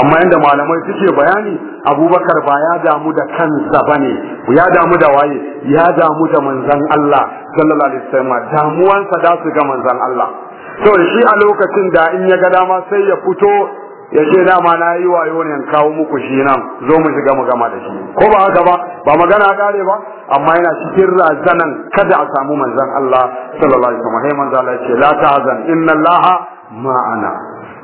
Speaker 1: amma inda malamai suke bayani abubakar ba ya damu da kansa ba ne ya damu da waye ya damu da manzan Allah sallallahu alaihi wasallam damuwansa da su ga manzan Allah to shi a lokacin da in ya ga dama sai ya fito ya ce dama na yi wayo ne kawo muku shi nan zo mu shiga mu gama da shi ko ba haka ba ba magana kare ba amma yana cikin razanan kada a samu manzan Allah sallallahu alaihi wasallam manzon Allah ce la tahzan inna Allah ma'ana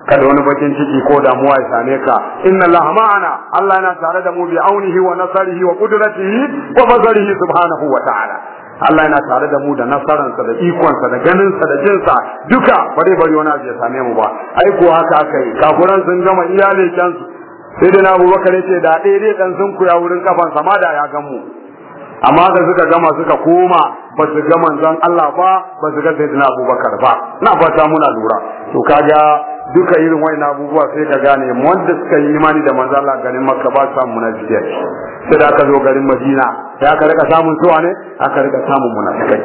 Speaker 1: kada wani bakin ciki ko damuwa ya same ka inna Allah ma'ana Allah yana tare da mu bi aunihi wa nasarihi wa qudratihi wa fadlihi subhanahu wa ta'ala Allah yana tare da mu da nasararsa da ikonsa da ganinsa da jinsa duka bare bare wani abu ya same mu ba ai ko haka aka yi kafuran sun gama iyali kansu sai da na abubakar ce da ɗaya dai sun kuya wurin kafan sama da ya gan mu amma da suka gama suka koma ba su gama zan Allah ba ba su ga na abubakar ba na fata muna lura to kaga duka irin na abubuwa sai ka gane wanda suka yi imani da manzo Allah garin Makka ba su samu munafiki
Speaker 2: sai
Speaker 1: da aka zo garin Madina sai aka rika samun suwa ne aka rika samun munafiki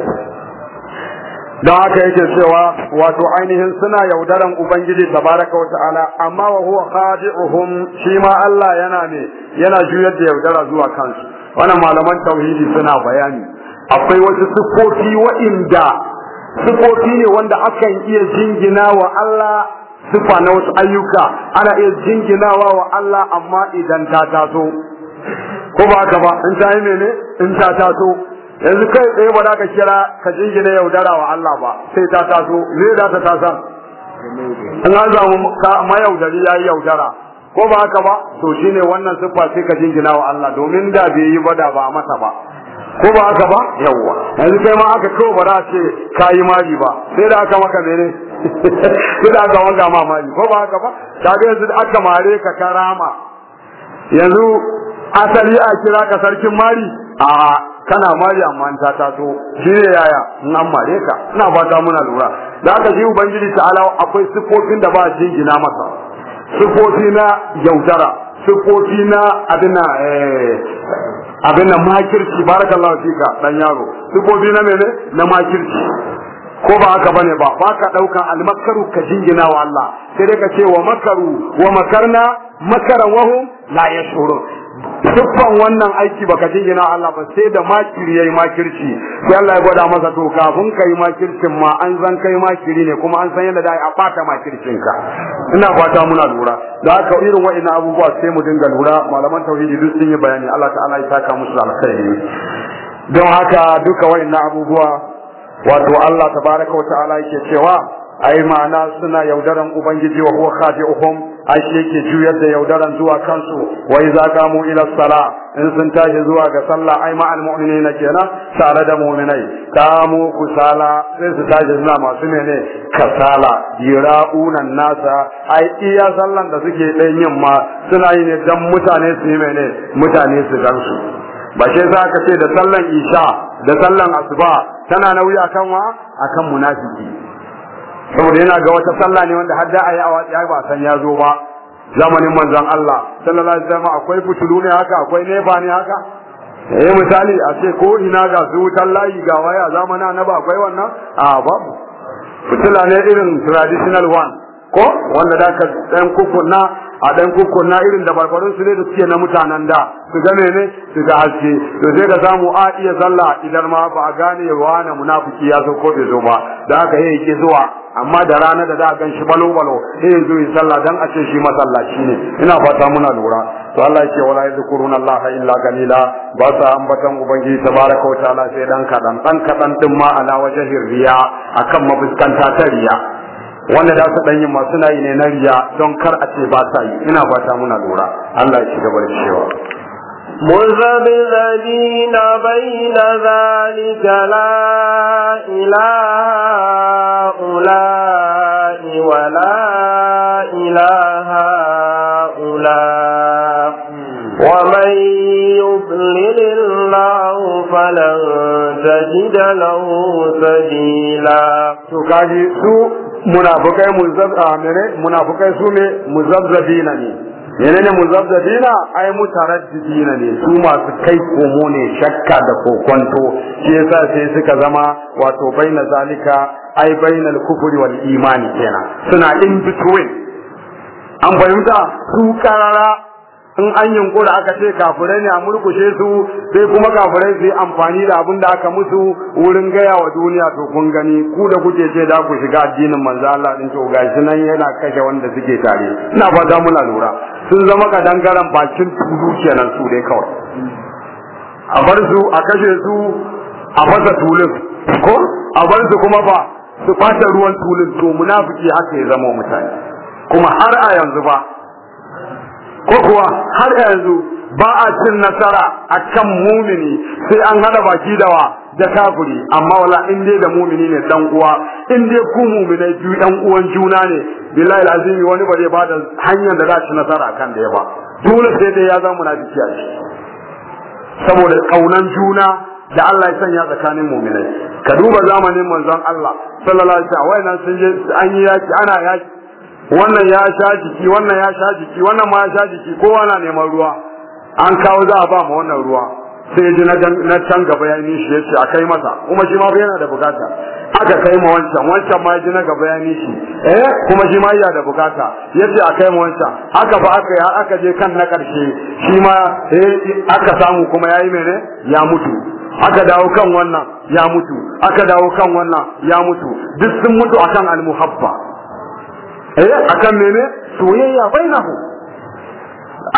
Speaker 1: don aka yake cewa wato ainihin suna yaudaran ubangiji tabaraka wa ta'ala amma wa huwa khadi'uhum shi ma Allah yana ne yana juyar da yaudara zuwa kansu wannan malaman tauhidi suna bayani akwai wasu sifofi wa'inda sifofi ne wanda akan iya jingina wa Allah sifa na wasu ayyuka ana iya jinginawa wa Allah amma idan ta taso ko ba ka ba in ta yi mene in ta taso yanzu kai tsaye ba za ka kira ka jingina yaudara wa Allah ba sai ta taso me za ta tasan in an samu mayaudari ya yi yaudara ko ba haka ba to shine wannan siffa sai ka jingina wa Allah domin da bai yi ba da ba masa ba ko ba haka ba yawwa yanzu kai ma aka kawo ba za ce ka yi mari ba sai da aka maka mene kuda ga wanga mamaji ko ba haka ba kaga yanzu da aka mare ka karama yanzu asali a kira ka sarkin mari a kana mari amma ta taso shi ne yaya nan mare ka ina fata muna lura da aka ji ubangiji ta'ala akwai sifofin da ba a gina masa sifofi na yaudara sifofi na abina abin na eh, makirci barakallahu fika dan yaro sifofi na mene na makirci ko ba haka bane ba ba ka daukan almakaru ka jingina wa Allah sai dai ka ce wa makaru wa makarna makara wahum la yashuru dukkan wannan aiki baka jingina Allah ba sai da makiri yayi makirci sai Allah ya gwada masa to kafin kai makircin ma an zan kai makiri ne kuma an san yadda dai a fata makircin ka ina fata muna lura da haka irin wa'annan abubuwa sai mu dinga lura malaman tauhidi duk sun yi bayani Allah ta'ala ya saka musu alkhairi don haka duka wa'annan abubuwa wato Allah tabaraka wa ta'ala yake cewa ai ma'ana suna yaudaran ubangiji wa huwa khadi'uhum ai shi yake juyar da yaudaran zuwa kansu wa idza qamu ila sala in sun tashi zuwa ga sallah ai ma'al mu'minina kenan tare da mu'minai qamu kusala sai su tashi suna masu mene kasala yira'una nasa ai iya sallan da suke dan yin ma suna yi ne dan mutane su yi mene mutane su gansu ba sai za ka ce da sallan isha da sallan asuba tana nauyi akan wa akan munafiki saboda yana ga wata sallah ne wanda har da ayi a watsi ba san ya zo ba zamanin manzon Allah sallallahu alaihi wasallam akwai fitulu ne haka akwai nefa ne haka eh misali a ce ko ina ga su wutan layi ga waya zamanin na ba akwai wannan a babu fitila ne irin traditional one ko wanda da ka dan kukunna a dan kukkunna irin da barbarun su ne da suke na mutanen da su ga mene su ga haske to sai ka samu a iya zalla idan ma ba a gane wa na munafiki ya zo ko bai zo ba da haka ya yi zuwa amma da rana da za a gan shi balo balo sai ya zo yi sallah dan a ce shi masallaci ne ina fata muna lura to Allah ya ce wala na Allah illa ganila ba sa ambatan ubangiji tabaraka wa ala sai dan kaɗan, dan kaɗan ɗin ma ala hirriya, a kan mafuskanta ta riya wanda da su ɗanyin masu na yi ne na riya don kar a ce ba sa yi ina fata muna lura Allah ya gaba da cewa
Speaker 2: مذبذبين بين ذلك لا إلى هؤلاء ولا إلى هؤلاء ومن يضلل الله فلن تجد له سبيلا
Speaker 1: munafukai ah, munafukai su ne dina ne menene muzabzabina ai mutaraddidina ne su masu kai komo ne shakka da kokonto shi yasa sai suka zama wato baina zalika ai bainal kufri wal imani kenan suna in between an fahimta su karara in an yunkura aka ce kafirai ne a murkushe su sai kuma kafirai su yi amfani da abin da aka musu wurin gaya wa duniya to kun gani ku da kuke ce da ku shiga addinin manzo Allah din to gashi nan yana kashe wanda suke tare ina fata muna lura sun zama kadangaren bakin tudu kenan su dai kawai a bar su a kashe su a fasa tulun ko a bar su kuma ba su fasa ruwan tulun to munafiki haka ya zama mutane kuma har a yanzu ba ko kuwa har yanzu ba a cin nasara a kan mumini sai an hada baki da wa da kafiri amma wala in dai da mumini ne dan uwa in dai ku muminai biyu dan uwan juna ne billahi azimi wani ba zai bada hanyar da za ci nasara kan da ya ba dole sai dai ya zama munafiki a shi saboda kaunan juna da Allah ya sanya tsakanin muminai ka duba zamanin manzon Allah sallallahu alaihi wasallam wayannan sun je an yi yaki ana yaki wannan ya sha jiki wannan ya sha jiki wannan ma ya sha jiki kowa na neman ruwa an kawo za a ba mu wannan ruwa sai ji na can gaba ya nishi ya ce a kai masa kuma shi ma yana da bukata aka kai ma wancan wancan ma ya ji na gaba ya nishi eh kuma shi ma yana da bukata ya ce a kai ma wancan aka ba aka yi aka je kan na karshe shi ma eh, aka samu kuma ya yi mene ya mutu aka dawo kan wannan ya mutu aka dawo kan wannan ya mutu duk sun mutu akan almuhabba eh akan mene soyayya bainahu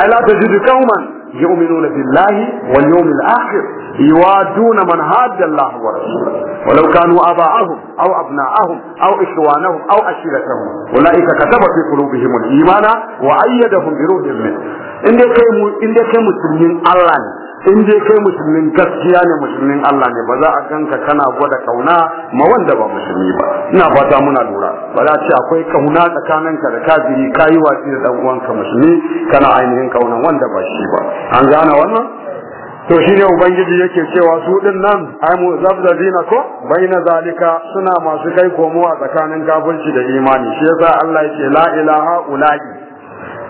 Speaker 1: ala tajidu qauman yu'minuna billahi wal yawmil akhir yuwaduna man hadda Allah wa rasulahu walau kanu aba'ahum aw abna'ahum aw ikhwanahum aw ashiratahum ulaika kataba fi qulubihim al-imana wa ayyadahum bi ruhin min inde kai mu inde kai musulmin Allah ne in dai kai musulmin gaskiya ne musulmin Allah ne ba za a ganka kana gwada kauna ma wanda ba musulmi ba ina fata muna lura ba za ce akwai kauna tsakaninka da kafiri kayi watsi da dan uwanka musulmi kana ainihin kauna wanda ba shi ba an gane wannan to shi ne ubangiji yake cewa su din nan ai mu ko baina zalika suna masu kai komo a tsakanin kafirci da imani shi yasa Allah yake la ilaha ula'i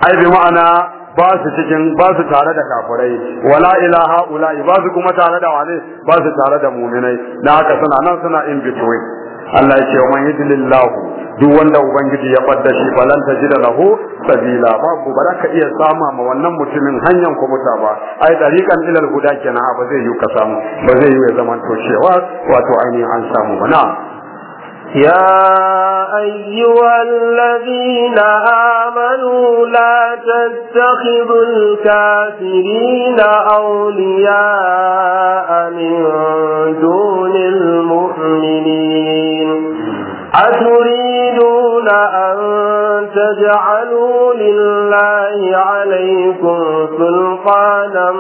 Speaker 1: ai bi ma'ana ba su cikin ba su tare da kafirai wala ilaha ulai ba su kuma tare da wani ba su tare da mu'minai Na haka suna nan suna in between Allah ya ce wa man yidlillahu duk wanda ubangiji ya fadda shi balan ta jira lahu sabila babu baraka iya sama ma wannan mutumin hanyar ku muta ba ai dariqan ilal huda kenan ba zai yi ka samu ba zai yi ya zaman to cewa wato ainihin an samu ba na'am
Speaker 2: يا أيها الذين آمنوا لا تتخذوا الكافرين أولياء من دون المؤمنين أتريدون أن تجعلوا لله عليكم سلطانا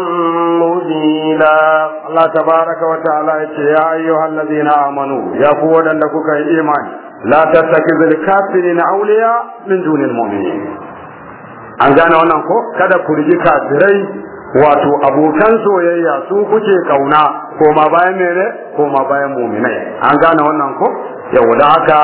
Speaker 2: مبينا الله تبارك
Speaker 1: وتعالى يا أيها الذين آمنوا يا قوة لكم إيمان لا تتخذ الكافرين أولياء من دون المؤمنين an gane wannan ko kada ku rigi kafirai wato abokan soyayya su kuke kauna ko ma bayan mere ko ma bayan muminai an gane wannan ko yau da haka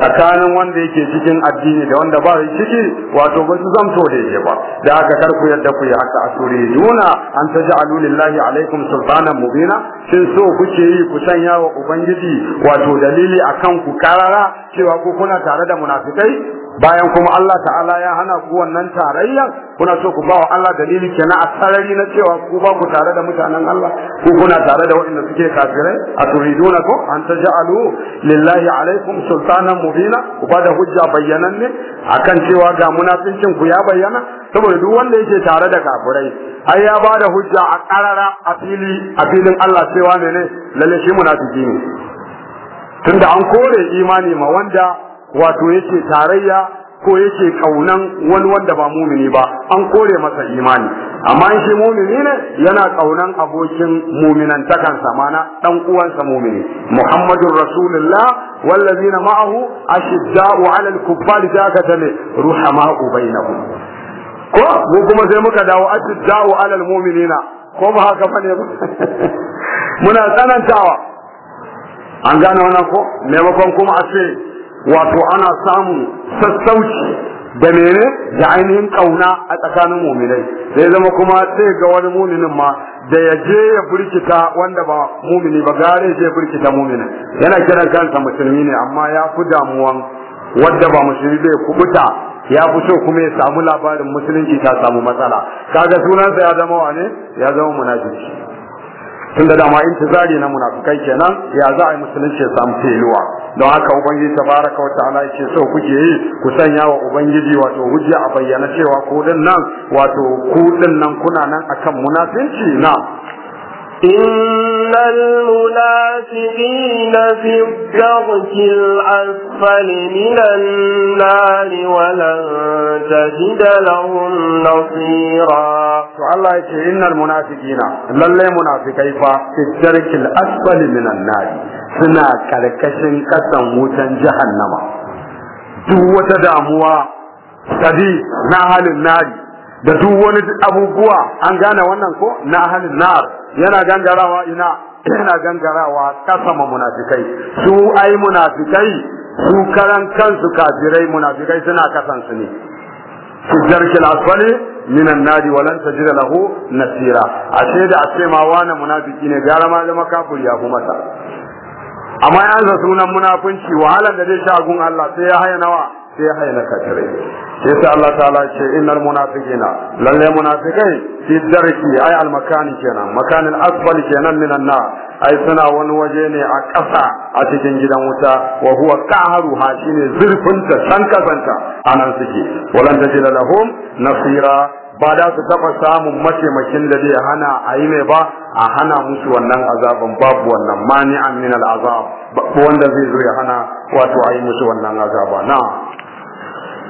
Speaker 1: tsakanin wanda yake cikin addini da wanda ba shi ciki wato ba su zamto da yake ba da haka kar ku yadda ku yi haka asuri nuna an taji alulillahi alaikum sultanan mubina shin so kuke yi ku sanya wa ubangiji wato dalili akan ku karara cewa ku kuna tare da munafikai bayan kuma Allah ta'ala ya hana ku wannan tarayya kuna so ku bawa Allah dalili kenan a sarari na cewa ku ba ku tare da mutanen Allah ku kuna tare da waɗanda suke kafirai a turiduna ko an taj'alu lillahi alaikum sultanan mubina ku ba da hujja bayyananne akan cewa ga munafincin ku ya bayyana saboda duk wanda yake tare da kafirai ai ya ba da hujja a karara a fili a filin Allah cewa ne ne lalle shi munafiki ne tunda an kore imani ma wanda wato yake tarayya ko yake kaunan wani wanda ba mumini ba an kore masa imani amma in shi mumini ne yana kaunan abokin muminan takan samana dan uwansa mumini muhammadur rasulullah wallazina ma'ahu ashidda'u 'ala al kuffar zakatan ruhamahu bainahum ko mu kuma sai muka dawo ashidda'u 'ala al-mu'minina ko ba haka bane ba muna sanantawa an gane wannan ko maimakon kuma a ce wato ana samun sassauci da mene da ainihin kauna a tsakanin muminai ya zama kuma sai ga wani muminin ma da ya je ya burkita wanda ba mumini ba gare je burkita muminin yana kiran kansa musulmi ne amma ya fi damuwan wanda ba musulmi bai kubuta ya fi so kuma ya samu labarin musulunci ta samu matsala kaga sunansa ya zama wane ya zama munafiki tunda dama intizari na munafikai kenan ya za a yi musulunci ya samu feluwa don haka ubangiji tabaraka wa ta'ala yake so kuke yi ku sanya wa ubangiji wato hujja a bayyana cewa ko nan wato ku nan kuna nan akan munafinci na
Speaker 2: إن المنافقين في الدرك الأسفل من النار ولن تجد لهم نصيرا
Speaker 1: الله يقول إن المنافقين للي منافقين في الدرك الأسفل من النار سنة كالكشن كسن وتن جهنم دوة داموا سدي نهل النار da duk wani abubuwa an gane wannan ko na ahalin nar yana gangarawa ina yana gangarawa kasama munafikai su ai munafikai su karan kansu kafirai munafikai suna kasansu ne su jarkil asfali minan nadi walan tajida lahu nasira ashe da ce ma wani munafiki ne gara ma zama kafir ya kuma ta amma yanzu sunan munafunci wahalar da zai sha Allah sai ya haya nawa sai haina kafirai sai sai Allah ta'ala ce innal munafiqina lalle munafiqai fi darki ay al makani kenan makanin asfali kenan minan na ai suna wani waje ne a ƙasa a cikin gidan wuta wa huwa qaharuha shine zurfinta san kasanta anan suke walan tajida lahum nasira ba da su taɓa samun mataimakin da zai hana a yi mai ba a hana musu wannan azaban babu wannan mani min azab wanda zai zo ya hana wato a yi musu wannan azaba na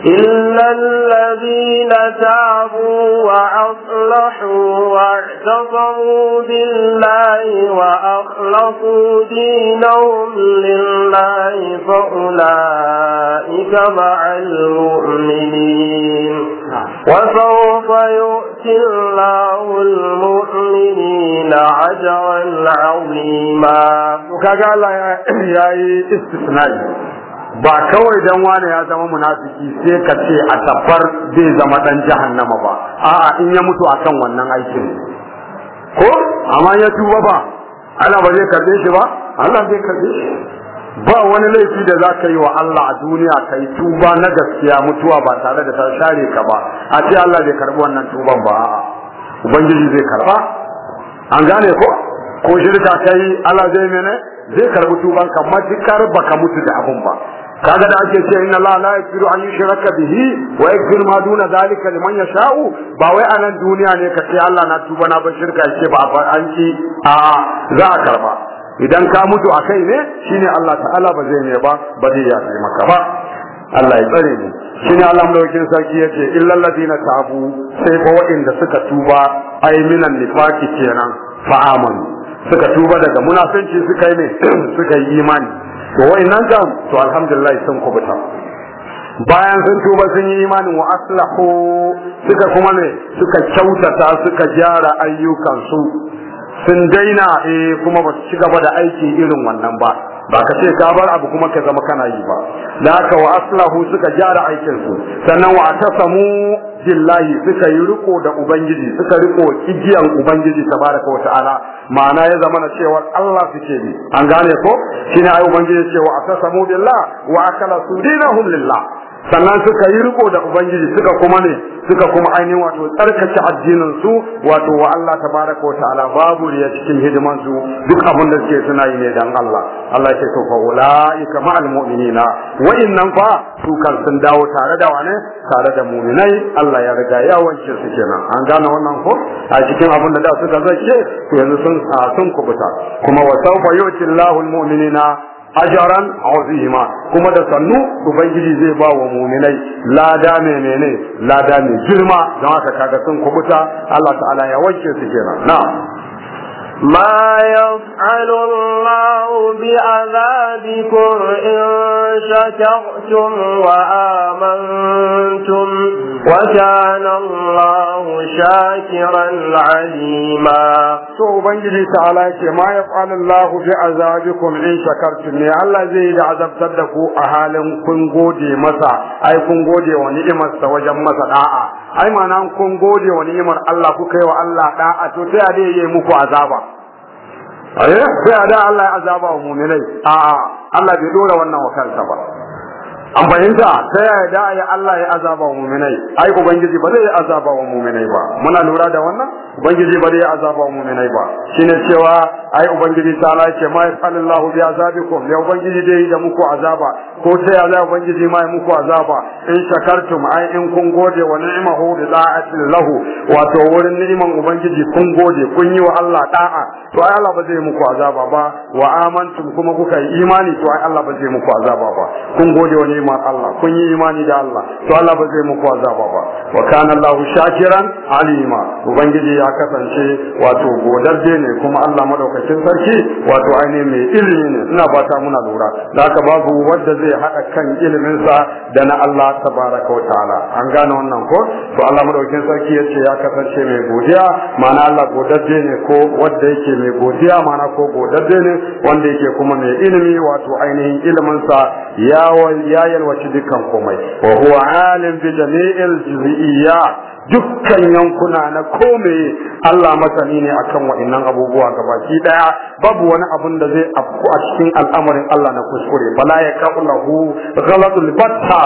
Speaker 2: إلا الذين تابوا وأصلحوا واعتصموا بالله وأخلصوا دينهم لله فأولئك مع المؤمنين وسوف يؤتي الله المؤمنين عجرا عظيما وكذا يا استثنائي ba kawai
Speaker 1: dan wani ya zama munafiki sai ka ce a tafar zai zama dan jahannama ba a'a in ya mutu akan wannan aikin ko amma ya tuba ba Allah ba zai karbe shi ba Allah zai karbe shi ba wani laifi da za ka yi wa Allah a duniya ka yi tuba na gaskiya mutuwa ba tare da ta share ka ba a ce Allah zai karbi wannan tuban ba ubangiji zai karba an gane ko ko shirka kai Allah zai mene zai karbi tuban ka matukar baka mutu da abun ba kaga da ake ce inna Allah la yaghfiru an yushraka bihi wa yaghfiru ma duna zalika liman yasha'u ba wai a nan duniya ne ka ce Allah na tuba na bar shirka ce ba an ci a za a karba idan ka mutu a kai ne shine Allah ta'ala ba zai ne ba ba zai yafe maka ba Allah ya tsare mu shine Allah mulkin sarki yace illal ladina tabu sai fa waɗanda suka tuba ay minan nifaqi kenan fa amanu suka tuba daga munafinci suka yi ne suka yi imani to wai nan kam to alhamdulillah sun kubuta bayan sun tuba sun yi imanin wa aslahu suka kuma ne suka kyautata suka gyara ayyukansu sun daina eh kuma ba su ci gaba da aiki irin wannan ba
Speaker 2: ba ka ce ka
Speaker 1: bar abu kuma ka zama kana yi ba da haka wa aslahu suka gyara aikinsu sannan wa atasamu billahi suka yi riko da ubangiji suka riko igiyan ubangiji tabaraka wa ta'ala ma'ana ya zama na cewa Allah suke bi an gane ko shine ayi ubangiji cewa akasamu billah wa akala sudinahum lillah sannan suka yi riko da ubangiji suka kuma ne suka kuma ainihin wato tsarkace addinin su wato wa Allah baraka wa ta'ala babu ya cikin hidiman su duk abin da suke suna yi ne dan Allah Allah ya to fa ulaika ma'al mu'minina wa innan fa su kan sun dawo tare da wane tare da mu'minai Allah ya riga ya wanke su kenan an gane wannan ko a cikin abin da da suka zace yanzu sun sun kubuta kuma wa sawfa yu'ti Allahu al-mu'minina ajaran azima kuma da sannu ubangiji zai ba wa mu'minai lada menene lada mai girma don haka kaga sun
Speaker 2: kubuta Allah ta'ala ya wanke su kenan na. ما يفعل bi azabikum in شكرتم وآمنتم وكان الله شاكرا عليما تو بنجي تعالى ما
Speaker 1: يفعل الله zai إن شكرتم يا الله زي a تدكو أهالن masa ai kun gode wa wajen masa da'a ai ma'ana kun gode wa ni'imar Allah kuka yi wa Allah da'a to sai a dai yi muku azaba ai sai a da Allah ya azaba wa mu'minai a'a Allah bai dora wannan wa kansa ba an fahimta ta yaya da ya Allah ya azaba mu'minai ai ubangiji ba zai azaba wa mu'minai ba muna lura da wannan ubangiji ba zai azaba mu mu'minai ba shine cewa ai ubangiji ta Allah ce ma yasallahu bi azabikum ya ubangiji dai da muku azaba ko ta ya Allah ubangiji ma ya muku azaba in shakartum ai in kun gode wa ni'mahu bi da'atin lahu wato wurin ni'iman ubangiji kun gode kun yi wa Allah da'a to ai Allah ba zai muku azaba ba wa amantum kuma kuka yi imani to ai Allah ba zai muku azaba ba kun gode wa ni'mar Allah kun yi imani da Allah to Allah ba zai muku azaba ba wa kana Allahu shakiran alima ubangiji ya ya kasance wato godadde ne kuma Allah madaukakin sarki wato aine mai ilimi ne ina ba ta muna lura da haka babu wanda zai haɗa kan iliminsa da na Allah tabaraka wa ta'ala an gane wannan ko to Allah madaukakin sarki ya ya kasance mai godiya ma'ana Allah godadde ne ko wanda yake mai godiya ma'ana ko godadde ne wanda yake kuma mai ilimi wato ainihin iliminsa ya yalwaci dukkan komai wa huwa alim bi jami'il juz'iyya dukkan yankuna na kome Allah masani ne akan waɗannan abubuwa gabaki daya babu wani abun da zai afku a cikin al'amarin Allah na kuskure bala ya kaulahu ghalatul batta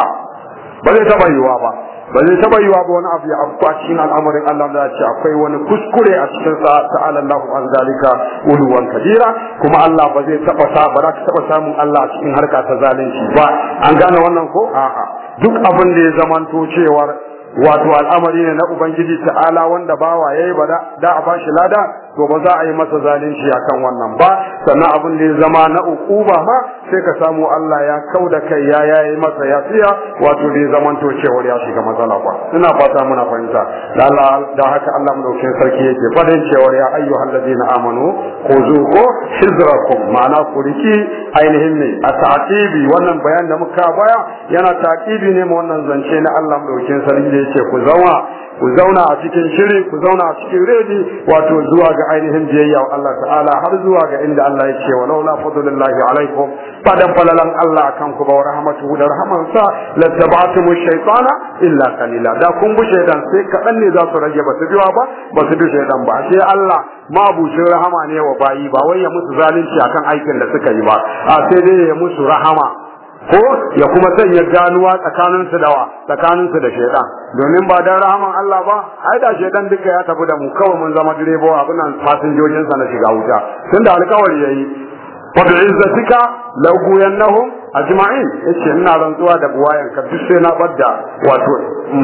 Speaker 1: ba zai taba yiwa ba ba zai taba yiwa ba wani abu ya afku a cikin al'amarin Allah da ce akwai wani kuskure a cikin sa ta'ala Allahu an zalika uluwan kadira kuma Allah ba zai taba sa ba zai taba samun Allah a cikin harka ta zalunci ba an gane wannan ko a'a duk abin da ya zamanto cewar wato al'amari ne na ubangiji ta'ala wanda bawa yayi ba da a bashi lada to ba za a yi masa zalunci a kan wannan ba sannan abin da ya zama na uku ba ma sai ka samu Allah ya kau da kai ya yayi masa ya tsiya wato bai zaman to cewar ya shiga matsala ba ina fata muna fahimta da haka Allah mu dauke sarki yake fadin cewar ya ayyu ladina amanu khuzuhu hizrakum ma'ana ku riki ainihin ne a ta'qibi wannan bayan da muka baya yana ta'qibi ne ma wannan zance na Allah mu dauke sarki yake ku zama ku zauna a cikin shiri ku zauna a cikin redi wato zuwa ga ainihin jiyayya wa Allah ta'ala har zuwa ga inda Allah ya ce walau la fadlullahi alaikum fadan falalan Allah kan ku ba rahmatuhu da sa la tabatum shaytana illa qalila da kun bi shaydan sai kadan ne za su rage ba su biwa ba ba su bi shaydan ba sai Allah mabucin rahama ne wa bayi ba wai ya musu zalunci akan aikin da suka yi ba a sai dai ya musu rahama ko ya kuma sanya ganuwa tsakanin su dawa tsakanin su da shaytan domin ba dan rahaman Allah ba ai da shaytan duka ya tafi da mu kawai mun zama direbo abin nan fasinjojin sa na shiga wuta tunda alƙawari yayi fa bi'izzatika izzatika ajma'in yace ina rantsuwa da buwayan ka duk sai na badda wato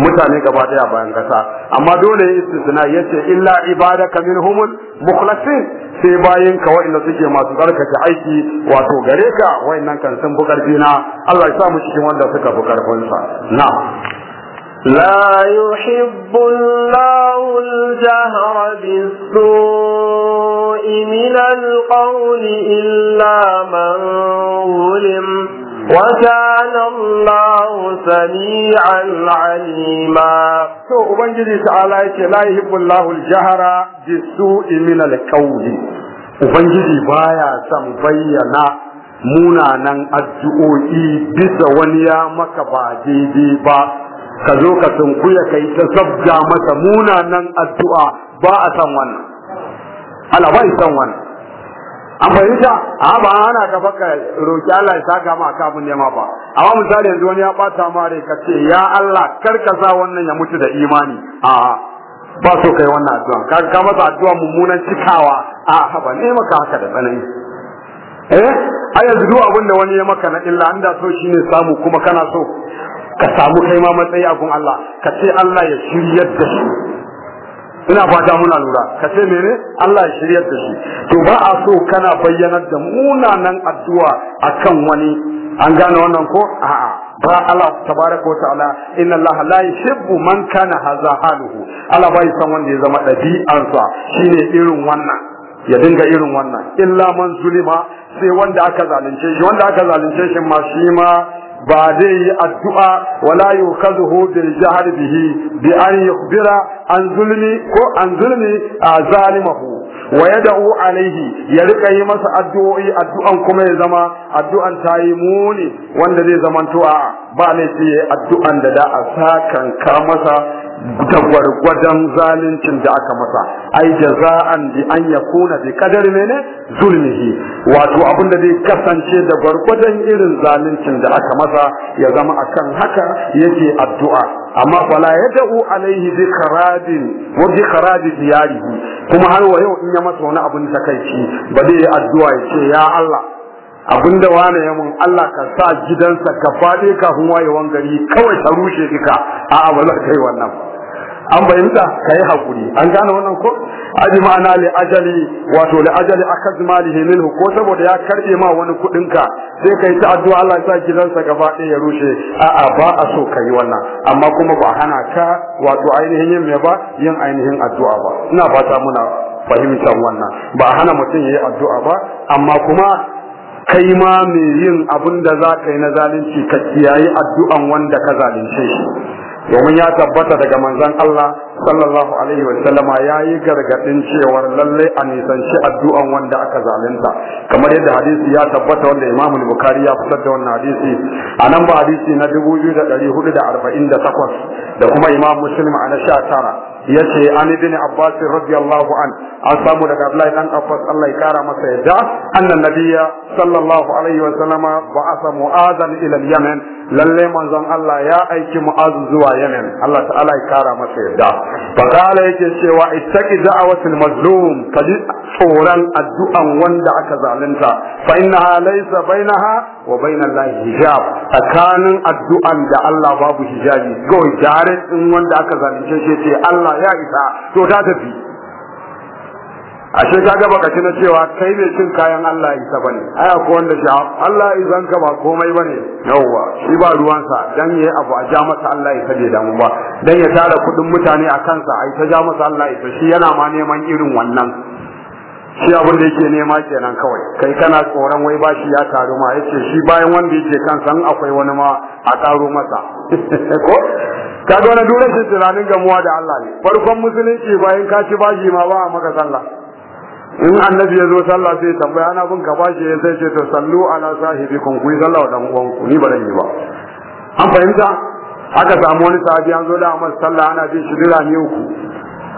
Speaker 1: mutane gaba daya bayan kasa amma dole ya istisna yace illa ibadaka minhumul mukhlasin sai bayan ka wa'inda suke masu tsarkake aiki wato gare ka wa'innan kan san bukarfi na Allah ya sa mu cikin wanda suka
Speaker 2: fi karfin sa na'am لا يحب الله الجهر بالسوء من القول إلا من ظلم وكان الله سميعا عليما تو ubangiji ta'ala yace la
Speaker 1: yuhibbu Allahu al-jahra bisu'i min al-qawli ubangiji baya son bayyana munanan addu'o'i bisa wani ya maka ba daidai ba ka zo ka ya kai ta sabga masa munanan addu'a ba a san wannan an fahimta a ba ana ka baka roki Allah ya saka ma ka abin nema ba amma misali yanzu wani ya bata ma rai ka ce ya Allah karkasa wannan ya mutu da imani a ba so kai wannan addu'a ka ka masa addu'a mummunan cikawa a haba ne maka haka da tsanani eh a yanzu duk abin da wani ya maka na illa inda so shine samu kuma kana so ka samu kai ma matsayi a gun Allah ka ce Allah ya shiryar da shi ina fata muna lura ka ce mene Allah ya shirya da shi to ba a so kana bayyanar da munanan addu'a akan wani an gane wannan ko a'a ba Allah tabaraka ta'ala inna Allah la yuhibbu man kana hadha haluhu Allah bai san wanda ya zama dabi'ansa shine irin wannan ya dinga irin wannan illa man zulima sai wanda aka zalunce shi wanda aka zalunce shi ma shi ma ba zai yi addu'a wala yukazuhu bil jahr bihi bi an yukhbira an zulmi ko an zulmi zalimahu wa yad'u alaihi ya rika yi masa addu'o'i addu'an kuma ya zama addu'an ta yi muni wanda zai zamanto a ba laifi addu'an da da a sakan ka masa da gwargwadon zaluncin da aka masa ai jaza'an bi an yakuna bi kadar mene zulmihi wato abinda zai kasance da gwargwadon irin zaluncin da aka masa ya zama akan haka yake addu'a amma fala yad'u alaihi bi kharabin wa bi diyarihi kuma har wa yau in ya masa wani abin takaici ba zai yi addu'a ya ya Allah abinda wane ya mun Allah ka sa gidansa ka fade kafin wayewan wangari kawai ta rushe duka a'a ba za ka yi wannan an bayyanta yi hakuri an gane wannan ko aji ma'ana li ajali wato li ajali akaz malihi minhu ko saboda ya karbe ma wani kudin ka sai kai ta addu'a Allah ya sa gidansa gaba ɗaya ya rushe a'a ba a so kai wannan amma kuma ba hana ka wato ainihin yin me ba yin ainihin addu'a ba ina fata muna fahimtar wannan ba hana mutum yayi addu'a ba amma kuma kai ma mai yin abin da za ka na zalunci ka kiyaye addu'an wanda ka zalunce shi domin ya tabbata daga manzon Allah sallallahu alaihi wa sallama yi gargadin cewar lalle a nisanci addu'an wanda aka zalunta kamar yadda hadisi ya tabbata wanda Imam Bukhari ya fitar da wannan hadisi nan ba hadisi na 2448 da kuma Imam Muslim a na 19 yace an ibn abbas radiyallahu an an samu daga abdullahi dan abbas Allah ya kara masa yadda annan nabiyya sallallahu alaihi wa sallama ba'atha mu'azan ila al-yaman lalle manzon Allah ya aiki mu'az zuwa yaman Allah ta'ala ya kara masa yadda fa kala yake cewa ittaqi da'awatul mazlum kaji tsoran addu'an wanda aka zalunta fa innaha laysa bainaha wa bainallahi hijab tsakanin addu'an da Allah babu hijabi go jare din wanda aka zalunce shi ce Allah ya isa to ta tafi ashe ga baka na cewa kai ne cin kayan Allah isa bane aya ko wanda shi Allah izan ka ba komai bane yawwa shi ba ruwansa dan yayi abu a ja masa Allah isa bai damu ba dan ya tara kudin mutane a kansa ai ta ja masa Allah isa shi yana ma neman irin wannan
Speaker 2: shi abin da yake
Speaker 1: nema kenan kawai kai kana tsoron wai ba ya taru ma yace shi bayan wanda yake kansa akwai wani ma a taro masa
Speaker 2: ko
Speaker 1: ga wannan dole sai tunanin gamuwa da Allah ne farkon musulunci bayan ka ci bashi ma ba a maka sallah in annabi ya zo sallah sai tambaya ana bin ka bashi ya sai ce to sallu ala sahibikum ku yi sallah wa ni ba zan yi ba an fahimta aka samu wani sahabi an zo da amma sallah ana jin shi ne uku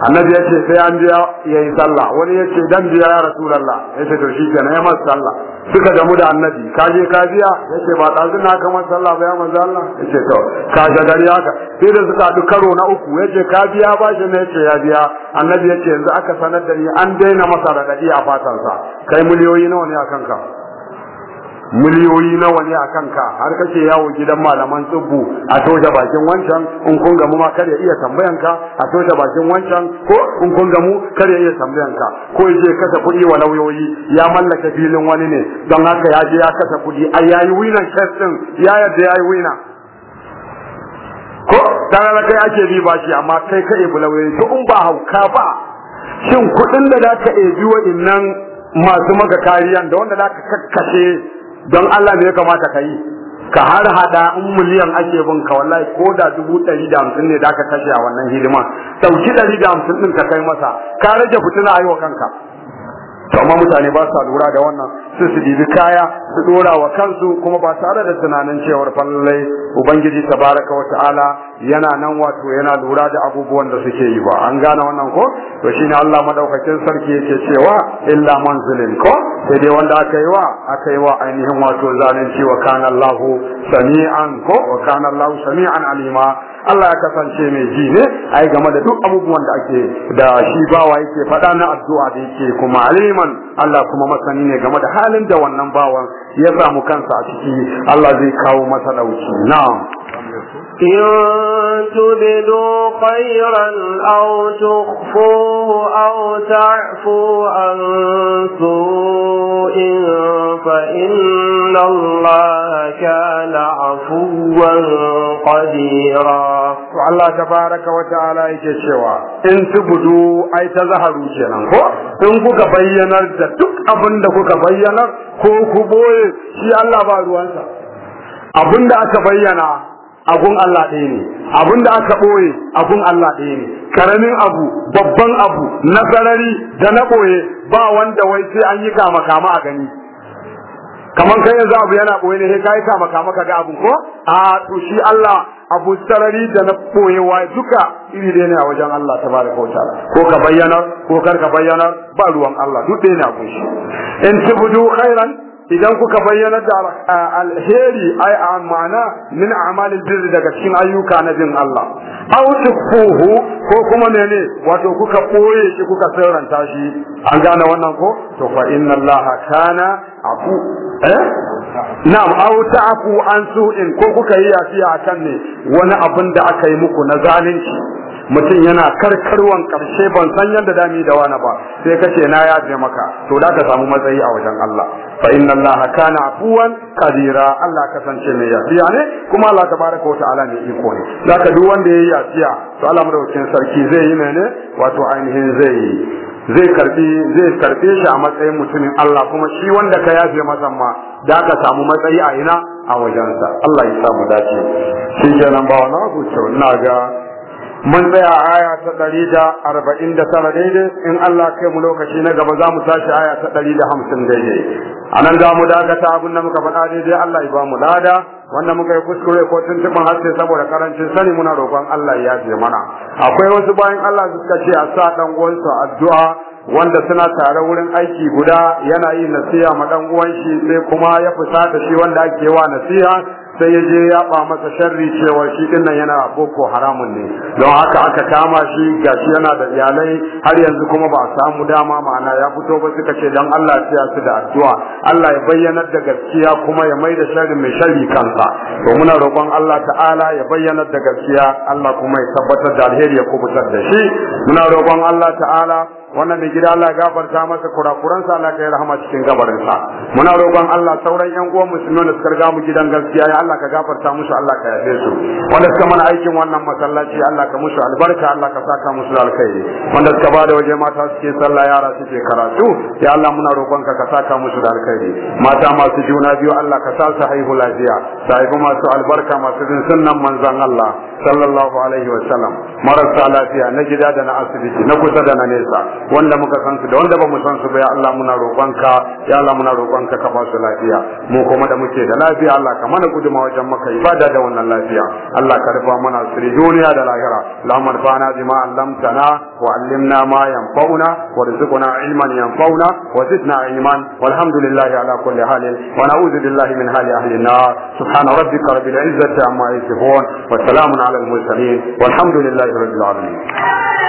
Speaker 1: annabi yace sai an biya yayi sallah wani yace dan biya ya rasulullah yace to shi kenan ya ma sallah suka gamu da annabi ka je ka biya yace ba ta na ka sallah ba ya ma sallah, yace to ka ga gari haka sai da suka haɗu karo na uku yace ka biya ba shi ne yace ya biya annabi yace yanzu aka sanar da ni an daina masa radadi a fatan sa, kai miliyoyi nawa ne a kanka miliyoyi nawa ne a kanka har kake yawo gidan malaman tsibbu a toshe bakin wancan in kun gamu ma ya iya tambayan ka a toshe bakin wancan ko in kun gamu ya iya tambayan ka ko je kasa kuɗi wa lauyoyi ya mallaka filin wani ne don haka ya je ya kasa kuɗi ai yayi winan kes ya yadda yayi wina ko tare kai ake bi bashi amma kai kai ebi lauyoyi to in ba hauka ba shin kuɗin da zaka ebi wa'innan masu maka kariyan da wanda zaka kakkashe don Allah me ya kamata ka yi ka har hada in miliyan ake bin ka wallahi ko da dubu ɗari da hamsin ne da aka kashe a wannan hidima ɗauki ɗari da hamsin ɗin ka kai masa ka rage fitina a yi wa kanka to amma mutane ba sa lura da wannan su su dibi kaya su dora wa kansu kuma ba tare da tunanin cewar falle ubangiji tabaraka wa ta'ala yana nan wato yana lura da abubuwan da suke yi ba an gane wannan ko to shine Allah madaukakin sarki yake cewa illa manzilin ko sai dai wanda aka yi wa aka yi wa ainihin wato zalunci wa kana Allahu sami'an ko wa kana Allahu sami'an alima Allah ya kasance mai ji ne yi game da duk abubuwan da ake da shi bawa yake faɗa na addu'a da yake kuma aliman Allah kuma masani ne game da halin da wannan bawan ya samu kansa a ciki Allah zai kawo masa dauki na'am
Speaker 2: إن تبدوا خيرا أو تخفوه أو تعفوا عن سوء فإن الله كان عفوا قديرا والله تبارك وتعالى يكشوا إن
Speaker 1: تبدوا أي تظهروا جنان إن كوكا kuka تتك أبن دكوكا abin كوكو kuka bayyanar الله ku boye أبن دكوكا ba abun Allah ɗaya ne abun da aka ɓoye abun Allah ɗaya ne karamin abu babban abu na sarari da na ɓoye ba wanda wai sai an yi kama kama a gani kamar kai yanzu abu yana ɓoye ne sai ka yi kama kama ka ga abun ko a to shi Allah abu sarari da na wa duka iri ɗaya ne a wajen Allah ta bada kauta ko ka bayyana ko kar ka bayyana ba ruwan Allah duk ɗaya ne a in tubudu khairan idan kuka bayyana da
Speaker 2: alheri
Speaker 1: ai amana, min amalil birri daga cikin ayyuka na bin Allah aw tukhuhu ko kuma menene wato kuka boye shi kuka sirranta shi an gane wannan ko to fa inna Allah kana afu eh na'am aw ta'fu an su'in ko kuka yi yafiya kan ne wani abin da aka yi muku na zalunci mutum yana karkarwan karshe ban san yadda dami da wani ba sai kace na yafe maka to da ka samu matsayi a wajen Allah fa inna allaha kana afuwan kadira Allah kasance mai yafiya ne kuma Allah tabaraka wa ta'ala mai iko ne zaka duk wanda yayi yafiya to Allah madaukakin sarki zai yi mene wato ainihin zai zai karbi zai shi a matsayin mutumin Allah kuma shi wanda ka yafe masa ma da ka samu matsayi a ina a wajensa Allah ya samu dace shi kenan ba wani abu ina ga mun tsaya aya ta ɗari da arba'in da tara daidai in Allah kai mu lokaci na gaba za mu tashi aya ta ɗari da hamsin daidai a nan za mu dakata abin da muka faɗa daidai Allah ya ba mu lada wanda muka yi kuskure ko tuntuɓin haske saboda karancin sani muna roƙon Allah ya yafe mana akwai wasu bayan Allah suka ce a sa ɗan uwansu addu'a wanda suna tare wurin aiki guda yana yi nasiha ma ɗan uwan shi sai kuma ya fusata shi wanda ake wa nasiha sai ya je ya ba masa sharri cewa shi din yana boko haramun ne don haka aka kama shi gashi yana da iyalai har yanzu kuma ba samu dama ma'ana ya fito ba suka ce don Allah ya su da addu'a Allah ya bayyana da gaskiya kuma ya mai da sharri mai sharri kansa to muna roƙon Allah ta'ala ya bayyana da gaskiya Allah kuma ya tabbatar da alheri ya kubutar da shi muna roƙon Allah ta'ala wannan da gida Allah gafarta masa sa Allah ya rahama cikin gabarinsa muna roƙon Allah sauran yan uwan musulmi da suka riga mu gidan gaskiya ya Allah ka gafarta musu Allah ka yafe su wanda suka mana aikin wannan masallaci Allah ka musu albarka Allah ka saka musu alkhairi wanda suka bada waje mata suke sallah yara suke karatu ya Allah muna roƙon ka ka saka musu da alkhairi mata masu juna biyu Allah ka sa su haihu lafiya sai haifi masu albarka masu sunnan manzon Allah sallallahu alaihi wa marasa lafiya na gida da na asibiti na kusa da na nesa wanda muka san su da wanda ba mu san su ba ya Allah muna roƙonka ya Allah muna roƙonka ka ba su lafiya mu kuma da muke da lafiya Allah ka mana guduma wajen maka ibada da wannan lafiya Allah ka rufa mana sirri duniya da lahira Allahumma rfa'na bima 'allamtana wa 'allimna ma yanfa'una warzuqna 'ilman yanfa'una wa zidna 'ilman walhamdulillahi ala kulli halin wa na'udhu billahi min hali ahli an-nar subhana rabbika rabbil 'izzati amma yasifun wa salamun 'alal mursalin walhamdulillahi रजी
Speaker 2: नहीं